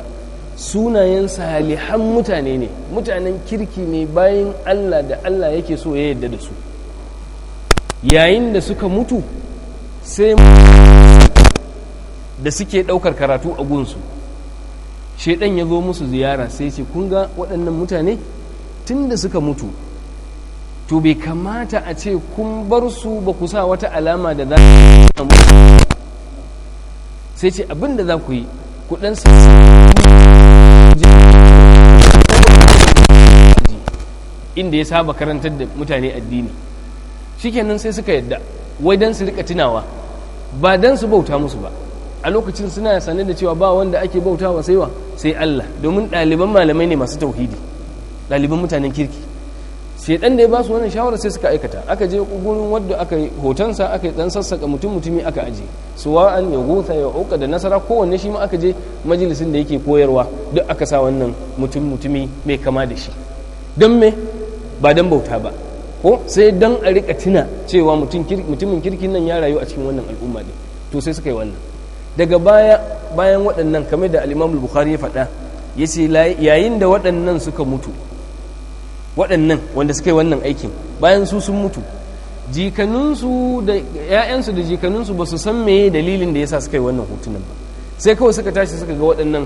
sunayen salihan mutane ne mutanen kirki ne bayan Allah da Allah yake so ya yadda da su yayin da suka mutu sai da suke ɗaukar karatu a gunsu shaidan ya zo musu ziyara sai ce kun ga waɗannan mutane tun da suka mutu to bai kamata a ce kun bar su ba ku sa wata alama da za yi sai ce abin da za ku yi kuɗin su inda ya saba karantar da mutane addini shikenan sai suka yadda wai don su rika tunawa ba dan su bauta musu ba a lokacin suna sane da cewa ba wanda ake bautawa saiwa sai Allah domin ɗaliban malamai ne masu tauhidi ɗaliban mutanen kirki shedan da ya ba su wannan shawara sai suka aikata aka je gurin wadda aka yi hotonsa aka yi dan sassaka mutum mutumi aka aje suwa an ya gotha ya auka da nasara kowanne shi ma aka je majalisin da yake koyarwa duk aka sa wannan mutum mutumi mai kama da shi don me ba don bauta ba ko sai don a rika tuna cewa mutumin kirkin nan ya rayu a cikin wannan al'umma ne to sai suka yi wannan daga baya bayan waɗannan kamar da al'imamul bukhari ya faɗa yace yayin da waɗannan suka mutu waɗannan wanda suka yi wannan aikin bayan su sun mutu jikaninsu da 'ya'yansu da jikaninsu ba su san meye dalilin da ya sa suka yi wannan hotunan ba sai kawai suka tashi suka ga waɗannan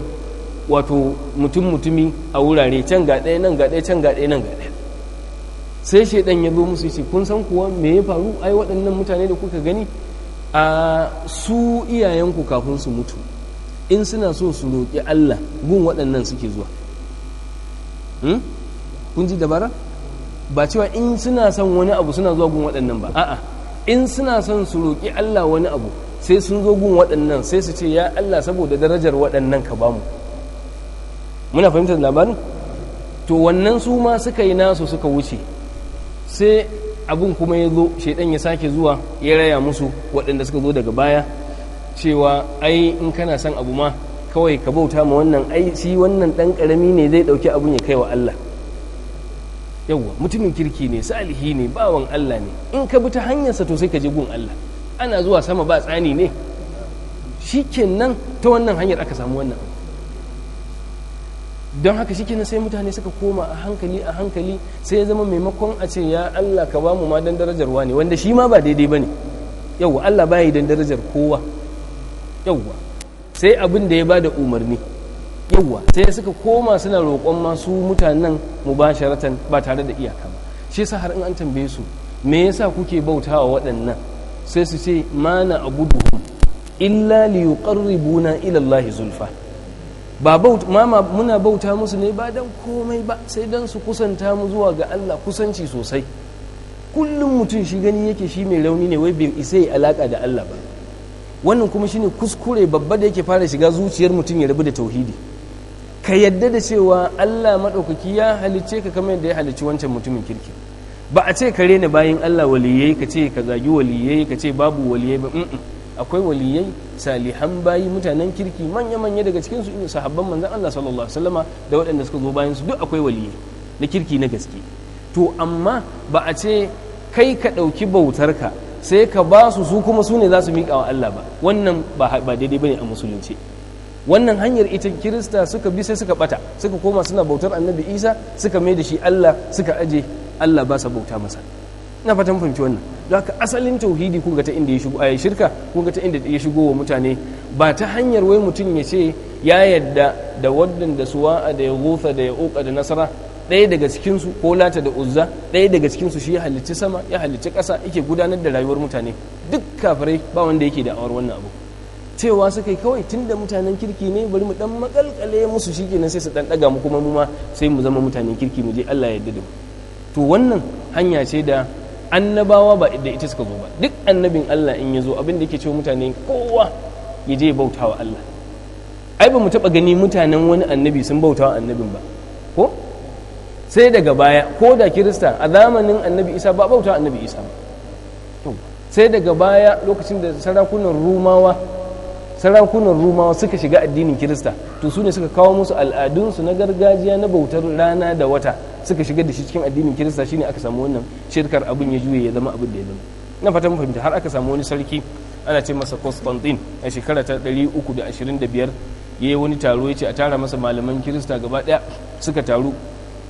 wato mutum mutumi a wurare can ga ɗaya nan ga can ga nan ga ɗaya sai shaidan ya zo musu ce kun san kuwa me ya faru ai waɗannan mutane da kuka gani a su iyayenku kafin su mutu in suna so su roƙi Allah gun waɗannan suke zuwa hmm? kun ji dabara ba cewa in suna son wani abu suna zuwa gun waɗannan ba a'a in suna son su roƙi Allah wani abu sai sun zo gun waɗannan sai su ce ya Allah saboda darajar waɗannan ka bamu muna fahimtar labarin to wannan su ma suka yi nasu suka wuce sai abin kuma ya zo shaidan ya sake zuwa ya raya musu waɗanda suka zo daga baya cewa ai in kana son abu ma kawai ka bauta ma wannan ai shi wannan ɗan ƙarami ne zai ɗauki abin ya kai wa Allah yawwa mutumin kirki ne salihi ne bawan Allah ne in ka bi ta hanyarsa to sai ka je gun Allah ana zuwa sama ba tsani ne shikenan ta wannan hanyar aka samu wannan don haka shikenan sai mutane suka koma a hankali a hankali sai ya zama maimakon a ce ya Allah ka ba mu ma dan darajar ne wanda shi ma ba daidai bane yawwa Allah baya dan darajar kowa yawwa sai abin da ya bada umarni yawwa sai suka koma suna roƙon masu mutanen mubasharatan ba tare da iyaka ba shi yasa har in an tambaye su me yasa kuke bautawa waɗannan sai su ce mana abuduhum illa li yuqarribuna ila Allah zulfa ba baut mama muna bauta musu ne ba dan komai ba sai dan su kusanta mu zuwa ga Allah kusanci sosai kullum mutum shi gani yake shi mai rauni ne wai bai isa ya alaka da Allah ba wannan kuma shine kuskure babba da yake fara shiga zuciyar mutum ya rabu da tauhidi ka yadda da cewa Allah maɗaukaki ya halicce ka kamar yadda ya halicci wancan mutumin kirki ba a ce ka rena bayan Allah waliyai ka ce ka zagi waliyai ka ce babu waliyai ba akwai waliyai salihan bayi mutanen kirki manya-manya daga cikin su sahabban manzan Allah sallallahu alaihi wasallama da waɗanda suka zo bayan su duk akwai waliyai na kirki na gaske to amma ba a ce kai ka ɗauki bautarka sai ka ba su su kuma su ne za su miƙa wa Allah ba wannan ba daidai ne a musulunci wannan hanyar ita kirista suka bi sai suka bata suka koma suna bautar annabi isa suka mai da shi allah suka aje allah ba sa bauta masa na fatan fahimci wannan don haka asalin tauhidi kun ga ta inda ya shigo a shirka kun ga ta inda ya shigo wa mutane ba ta hanyar wai mutum ya ce ya yadda da waddan da suwa da ya gufa da ya uka da nasara ɗaya daga cikinsu ko lata da uzza ɗaya daga cikin su shi ya halicci sama ya halicci kasa yake gudanar da rayuwar mutane duk kafirai ba wanda yake da awar wannan abu cewa suka yi kawai tun da mutanen kirki ne bari mu dan makalkale musu shi kenan sai su dan daga mu kuma mu ma sai mu zama mutanen kirki mu je Allah ya yarda da mu to wannan hanya ce da annabawa ba da ita suka zo ba duk annabin Allah in ya zo abin da yake cewa mutane kowa ya je bauta wa Allah ai ba mu taba gani mutanen wani annabi sun bauta wa annabin ba ko sai daga baya ko da kirista a zamanin annabi isa ba bauta annabi isa ba sai daga baya lokacin da sarakunan rumawa sarakunan rumawa suka shiga addinin kirista to su ne suka kawo musu al'adunsu na gargajiya na bautar rana da wata suka shiga da shi cikin addinin kirista shine aka samu wannan shirkar abin ya juye ya zama abin da ya zama na fata mu fahimta har aka samu wani sarki ana ce masa constantine a shekara ta 325 ya yi wani taro ya ce a tara masa malaman kirista gaba ɗaya suka taru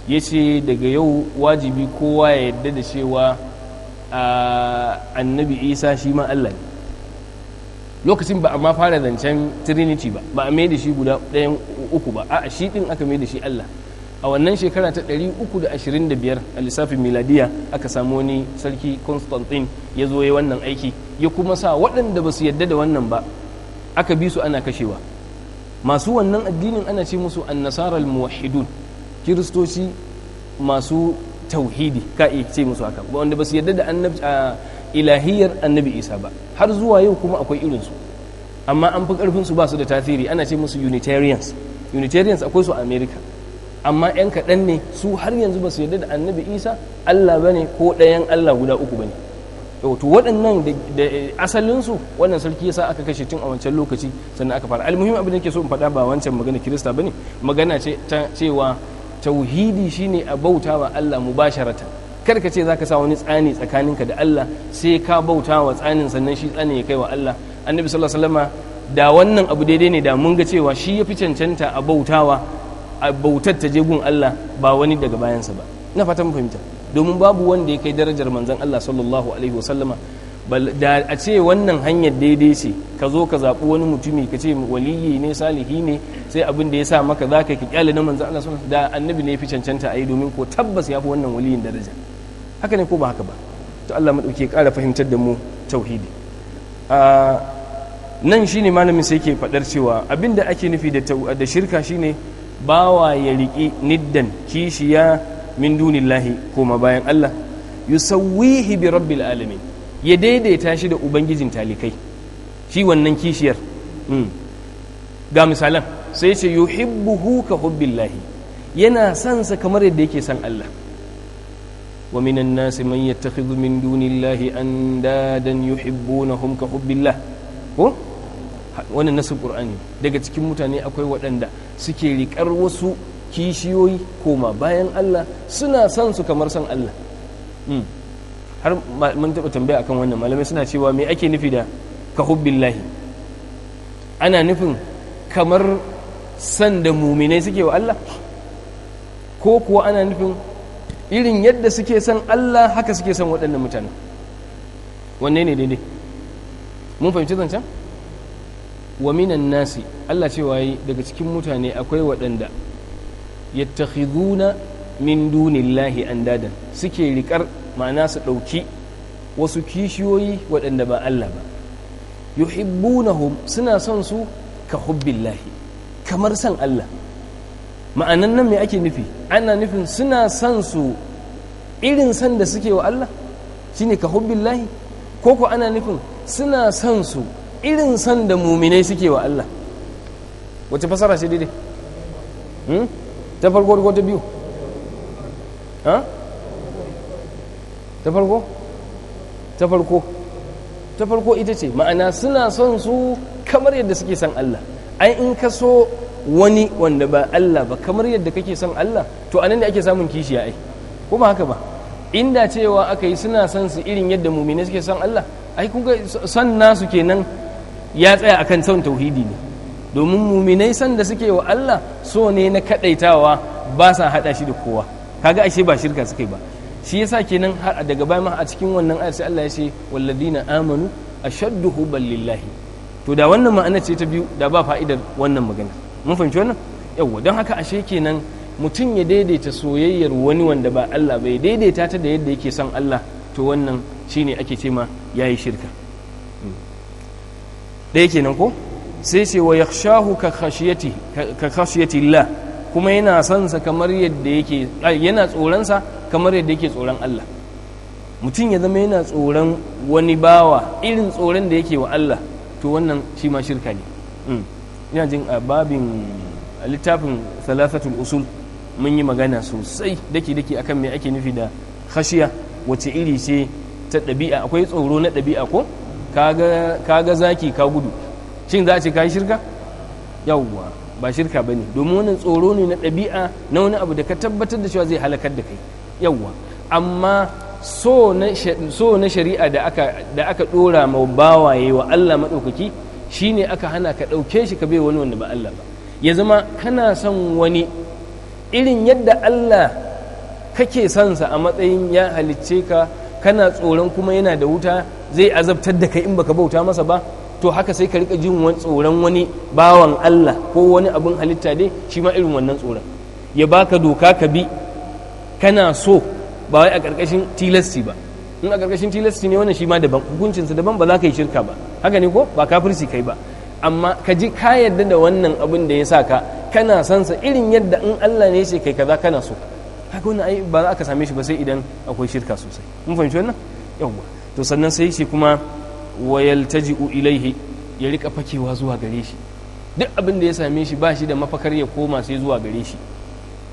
ya ce daga yau wajibi kowa ya yarda da cewa annabi isa shi ma allah ne lokacin ba a ma fara zancen trinity ba ba a mai da shi guda ɗayan uku ba a shi ɗin aka mai da shi allah a wannan shekara ta 325 a lissafin miladiya aka samu wani sarki constantine ya zo ya wannan aiki ya kuma sa waɗanda ba su yadda da wannan ba aka bi su ana kashewa masu wannan addinin ana ce musu annasarar muwahidun kiristoci masu tauhidi ka iya ce musu haka wanda ba su yadda da ilahiyar annabi isa ba har zuwa yau kuma akwai irinsu amma an fi karfinsu ba su da tasiri ana ce musu unitarians unitarians akwai su a america amma 'yan kaɗan ne su har yanzu ba su yarda da annabi isa allah ba ne ko ɗayan allah guda uku ba ne to waɗannan da asalinsu wannan sarki yasa aka kashe tun a wancan lokaci sannan aka fara almuhim abin da ke so in faɗa ba wancan magana kirista ba ne magana ta cewa tauhidi shine a bautawa allah mu ba sharata. kar ka ce ka sa wani tsani tsakaninka da Allah sai ka bauta wa tsanin sannan shi tsani ya kai wa Allah annabi sallallahu alaihi wasallam da wannan abu daidai ne da mun ga cewa shi ya fi cancanta a bautawa a bautar ta je gun Allah ba wani daga bayansa ba na fatan fahimta domin babu wanda ya kai darajar manzon Allah sallallahu alaihi wasallama da a ce wannan hanyar daidai ce ka zo ka zaɓi wani mutumi ka ce waliyi ne salihi ne sai abin da ya sa maka za ka ki kyale na manzan da annabi ne ya fi cancanta a yi domin ko tabbas ya fi wannan waliyin daraja haka ne ko ba haka ba to Allah madauke ƙara fahimtar da mu tauhidi a nan shine malamin sai yake faɗar cewa abinda ake nufi da shirka shine bawa ya riki niddan kishiya min lahi koma bayan Allah yusawwihi bi rabbil alamin ya daidaita shi da ubangijin talikai shi wannan kishiyar hmm. ga misalan sai ce yuhibbuhu ka Lahi yana sansa kamar yadda yake san Allah ومن الناس من يتخذ من دون الله أندادا يحبونهم كحب الله wannan nasu qur'ani daga cikin mutane akwai waɗanda suke rikar wasu kishiyoyi koma bayan Allah suna son su kamar san Allah har mun taɓa tambaya akan wannan malamai suna cewa me ake nufi da ka hubbillahi ana nufin kamar san da muminai suke wa Allah ko kuwa ana nufin irin yadda suke san Allah haka suke son waɗannan mutane wanne ne daidai mun fahimci zancen wa minan nasi Allah cewa yi daga cikin mutane akwai waɗanda yattakhizuna min dunillahi andadan suke riƙar ma'ana su ɗauki wasu kishiyoyi waɗanda ba Allah ba yuhibbunahum suna son su ka hubbillahi kamar san Allah ma'anan nan me ake nufi ana nufin suna son su irin san da suke wa Allah shine ka hubbillahi ko ko ana nufin suna son su irin san da muminai suke wa Allah wace fasara ce daidai hmm? ta farko ko ta biyu ha ta farko ta farko ta farko ita ce ma'ana suna son su kamar yadda suke son Allah ai in ka so wani wanda ba Allah ba kamar yadda kake son Allah to anan ne ake samun kishiya ai ko ba haka ba inda cewa aka yi suna son su irin yadda mumine suke son Allah ai kun ga son nasu kenan ya tsaya akan son tauhidi ne domin muminai son da suke wa Allah so ne na kadaitawa ba sa hada shi da kowa kaga ashe ba shirka suke ba shi yasa kenan har daga baya ma a cikin wannan ayat sai Allah ya ce walladina amanu ashaddu hubban to da wannan ma'ana ce ta biyu da ba fa'idar wannan magana mun fahimci wannan yawwa don haka ashe kenan mutum ya daidaita soyayyar wani wanda ba Allah bai daidaita ta da yadda yake son Allah to wannan shine ake ce ma yayi shirka ɗaya kenan ko sai ce wa yakhshahu ka khashiyati ka khashiyati Allah kuma yana son sa kamar yadda yake yana tsoron sa kamar yadda yake tsoron Allah mutum ya zama yana tsoron wani bawa irin tsoron da yake wa Allah to wannan shi ma shirka ne hmm. ina jin a babin littafin salasatul usul mun yi magana sosai dake dake akan me ake nufi da khashiya wace iri ce ta ɗabi'a akwai tsoro na ɗabi'a ko kaga zaki ka gudu shin za a ce ka shirka yawwa ba shirka ba ne domin wannan tsoro ne na ɗabi'a na wani abu da ka tabbatar da cewa zai halakar da kai yawwa amma so na shari'a da aka ɗora ma bawaye wa allah maɗaukaki shi ne aka hana ka ɗauke shi ka bai wani wanda ba Allah ba ya zama kana son wani irin yadda Allah kake sonsa a matsayin ya halicce ka kana tsoron kuma yana da wuta zai azabtar da kai in baka bauta masa ba to haka sai ka rika jin tsoron wani bawan Allah ko wani abin halitta dai shi ma irin wannan tsoron ya baka doka ka bi kana so ba wai a ƙarƙashin tilasti ba in a ƙarƙashin tilasti ne wannan shi ma daban hukuncinsa daban ba za ka yi shirka ba haka ne ko ba kafirci kai ba amma ka ji ka yarda da wannan abin da ya sa ka kana san sa irin yadda in Allah ne ce kai kaza kana so haka wannan ai ba za ka same shi ba sai idan akwai shirka sosai mun fahimci wannan yawwa to sannan sai shi kuma wayaltaji'u ilaihi ya rika fakewa zuwa gare shi duk abin da ya same shi ba shi da mafakar ya koma sai zuwa gare shi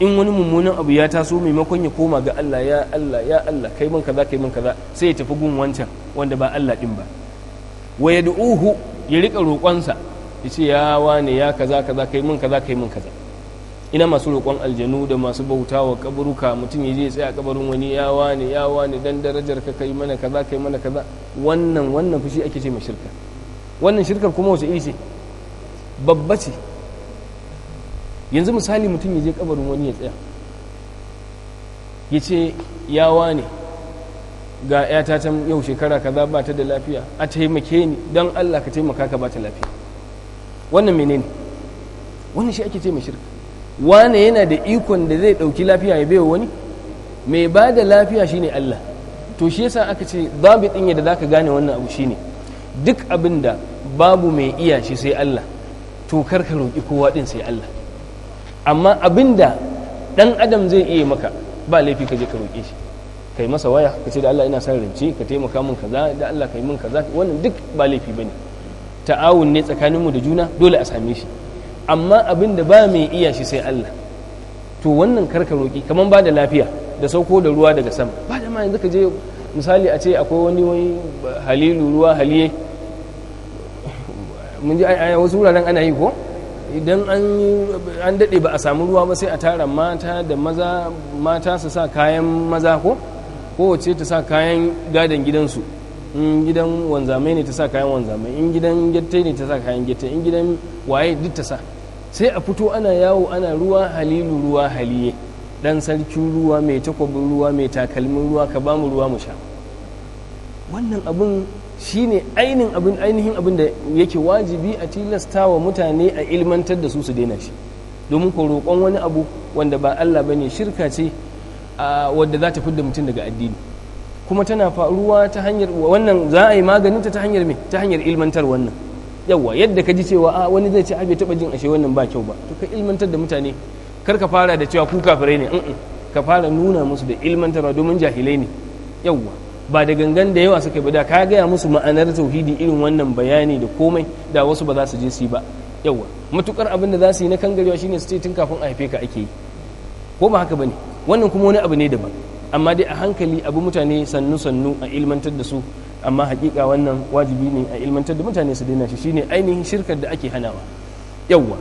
in wani mummunan abu ya taso maimakon ya koma ga Allah ya Allah ya Allah kai min kaza kai min kaza sai ya tafi gun wancan wanda ba Allah din ba wa yad'uhu ya riƙa roƙonsa ya ce ya wane ya kaza kaza kai min kaza kai min kaza ina masu roƙon aljanu da masu bauta wa kaburuka mutum ya je tsaya a kabarin wani ya wane ya wane dan darajar ka kai mana kaza kai mana kaza wannan wannan fushi ake ce mai shirka wannan shirkar kuma wace iri ce babba ce yanzu misali mutum ya je kabarin wani ya tsaya ya ce ya wane ga yata ta yau shekara kaza ba ta da lafiya a taimake ni don Allah ka taimaka ka ba ta lafiya wannan menene wannan shi ake ce mai shirka wane yana da ikon da zai ɗauki lafiya ya baiwa wani mai ba da lafiya shine Allah to shi yasa aka ce zabi ɗin yadda zaka gane wannan abu shine duk abin da babu mai iya shi sai Allah to kar ka roƙi kowa ɗin sai Allah amma abin da ɗan adam zai iya maka ba laifi ka je ka roƙe shi ka yi masa waya ka ce da Allah ina son rance ka taimaka min kaza da Allah ka yi min kaza wannan duk ba laifi bane ta'awun ne tsakanin mu da juna dole a same shi amma abin da ba mai iya shi sai Allah to wannan karka roki kaman ba da lafiya da sauko da ruwa daga sama ba da ma yanzu ka je misali a ce akwai wani wani halilu ruwa haliye mun ji a wasu wuraren ana yi ko idan an daɗe ba a samu ruwa ba sai a tara mata da maza mata su sa kayan maza ko kowace ta sa kayan gadon gidansu in gidan wanzamai ne ta sa kayan wanzamai in gidan gyattai ne ta sa kayan gyattai in gidan waye duk ta sa sai a fito ana yawo ana ruwa halilu ruwa haliye dan sarkin ruwa mai takwabin ruwa mai takalmin ruwa ka bamu ruwa mu sha wannan abin shine ainihin abin ainihin abin da yake wajibi a tilasta wa mutane a ilmantar da su su daina shi domin ko roƙon wani abu wanda ba Allah bane shirka ce wadda za ta da mutum daga addini kuma tana faruwa ta hanyar wannan za a yi maganinta ta hanyar mai ta hanyar ilmantar wannan yawwa yadda ka ji cewa a wani zai ce a bai taba jin ashe wannan ba kyau ba to ka ilmantar da mutane kar ka fara da cewa ku kafirai ne ka fara nuna musu da ilmantarwa domin jahilai ne yawwa ba da gangan da yawa suka yi ka gaya musu ma'anar tauhidi irin wannan bayani da komai da wasu ba za su je su ba yawwa matukar abin da za su yi na kangarewa shine su ce tun kafin a haife ka ake yi ko ba haka ba ne. wannan kuma wani abu ne daban amma dai a hankali abu mutane sannu sannu a ilmantar da su amma hakika wannan wajibi ne a ilmantar da mutane su daina shi shine ainihin shirkar da ake hanawa yawwa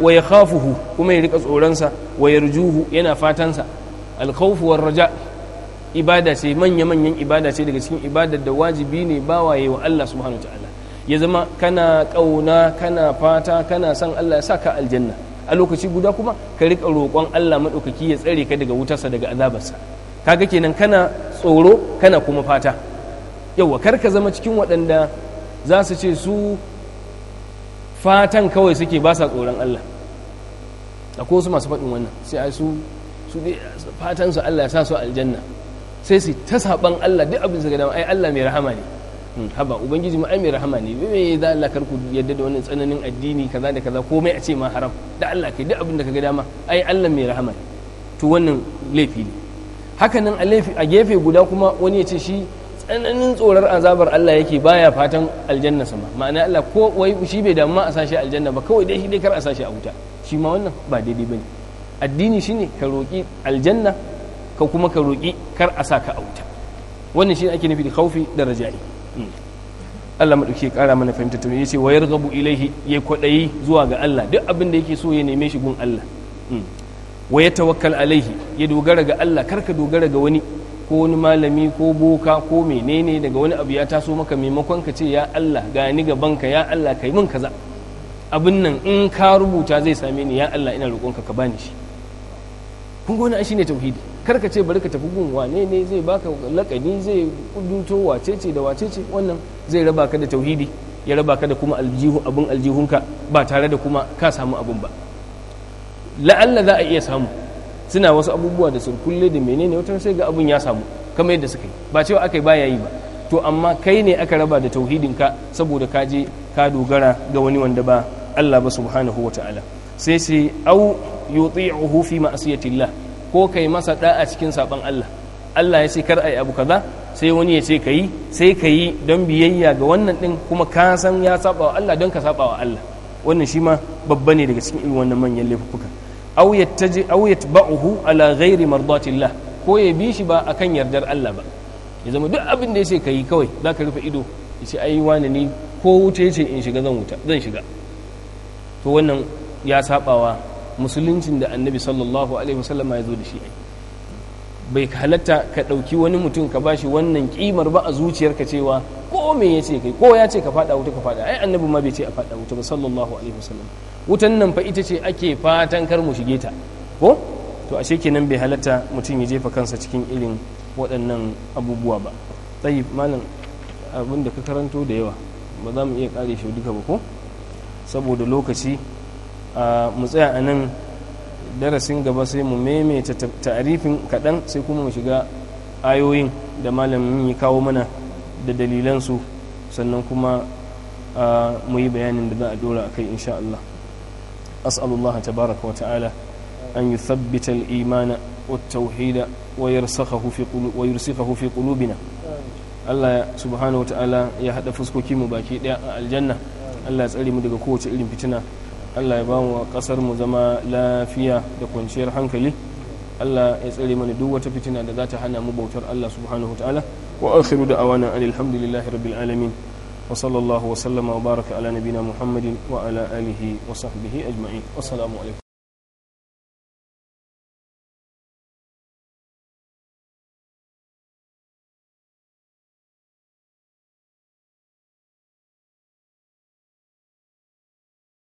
wa ya khafuhu kuma ya rika tsoronsa wa yarjuhu yana fatansa alkhawfu war raja ibada ce manya manyan ibada ce daga cikin ibadar da wajibi ne bawaye wa Allah subhanahu wa ta'ala ya zama kana kauna kana fata kana son Allah ya saka aljanna a lokaci guda kuma ka rika roƙon Allah maɗaukaki ya tsare ka daga wutarsa daga azabarsa kaga kenan kana tsoro kana kuma fata yawa kar ka zama cikin waɗanda za su ce su fatan kawai suke ba sa tsoron Allah akwai wasu masu faɗin wannan sai a su su fatan su Allah ya sa su aljanna sai su ta saban Allah duk abin su ga dama ai Allah mai rahama ne haba ubangiji mu mai rahama ne me za Allah karku yadda da wani tsananin addini kaza da kaza komai a ce ma haram da Allah kai duk abin da kaga dama ai Allah mai rahama ne to wannan laifi ne haka nan a gefe guda kuma wani ya ce shi tsananin tsorar azabar Allah yake baya fatan aljanna sama ma'ana Allah ko wai shi bai damu ma a sashi aljanna ba kawai dai shi dai kar a sashi a wuta shi ma wannan ba daidai bane addini shine ka roƙi aljanna ka kuma ka roƙi kar a sa ka a wuta wannan shi ake nufi da khaufi da raja'i Allah madauki ya kara mana fahimta ya yace wa gabu ilaihi ya kwaɗayi zuwa ga Allah duk abin da yake so ya neme shi gun Allah mm. wa ya tawakkal alaihi ya dogara ga Allah kar ka dogara ga wani ko wani malami ko boka ko menene daga wani abu ya taso maka maimakon ka ce ya Allah gani banka ya Allah kai min kaza abin nan in ka rubuta zai same ni ya Allah ina roƙonka ka bani shi kun gona shine shine tauhidi karka ce bari ka tafi gun wane ne zai baka lakani zai kuduto wace ce da wace ce wannan zai raba ka da tauhidi ya raba ka da kuma aljihu abun aljihunka ba tare da kuma ka samu abun ba la'alla za a iya samu suna wasu abubuwa da surkulle da menene wata sai ga abun ya samu kamar yadda suka yi ba cewa aka yi baya yi ba to amma kai ne aka raba da tauhidinka saboda ka je ka dogara ga wani wanda ba Allah ba subhanahu wa sai sai au yuti'uhu fi ma'asiyatillah ko kai masa da a cikin saban Allah Allah ya ce kar ai abu kaza sai wani ya ce ka yi sai ka yi don biyayya ga wannan din kuma ka san ya saba wa Allah don ka saba wa Allah wannan shi ma babba ne daga cikin irin wannan manyan laifuka aw yattaji aw yatba'uhu ala ghairi mardatillah ko ya bi shi ba akan yardar Allah ba ya zama duk abin da ya ce ka yi kawai za ka rufe ido ya ce ai wani ne ko wuce ce in shiga zan wuta zan shiga to wannan ya sabawa musuluncin da annabi sallallahu alaihi wasallama ya zo da shi bai halatta ka ɗauki wani mutum ka ba shi wannan kimar ba a zuciyarka cewa ko me ya ce kai ko ya ce ka faɗa wuta ka faɗa ai annabi ma bai ce a faɗa wuta ba sallallahu alaihi wasallam wutan nan fa ita ce ake fatan kar mu shige ta ko to ashe kenan bai halatta mutum ya jefa kansa cikin irin waɗannan abubuwa ba tsayi malam abin da ka karanto da yawa ba za mu iya ƙare shi duka ba ko saboda lokaci mu tsaya a nan darasin gaba sai mu maimaita ta'arifin kaɗan sai kuma mu shiga ayoyin da malamin ya kawo mana da dalilansu sannan kuma mu yi bayanin da za a dora a kai insha Allah as'alullah tabaraka wa ta'ala an yi thabbita al'imana wa tauhida wa yarsakhahu fi qulubina Allah subhanahu wa ta'ala ya haɗa fuskoki mu baki ɗaya a aljanna Allah ya tsare mu daga kowace irin fitina Allah ya ba mu kasar mu zama lafiya da kwanciyar hankali Allah ya tsare mana duk wata fitina da za ta hana mu bautar Allah subhanahu ta'ala wa akhiru da awana alhamdulillahi rabbil alamin wa sallallahu wa sallama wa baraka ala nabina muhammadin wa ala alihi wa sahbihi ajma'in assalamu alaikum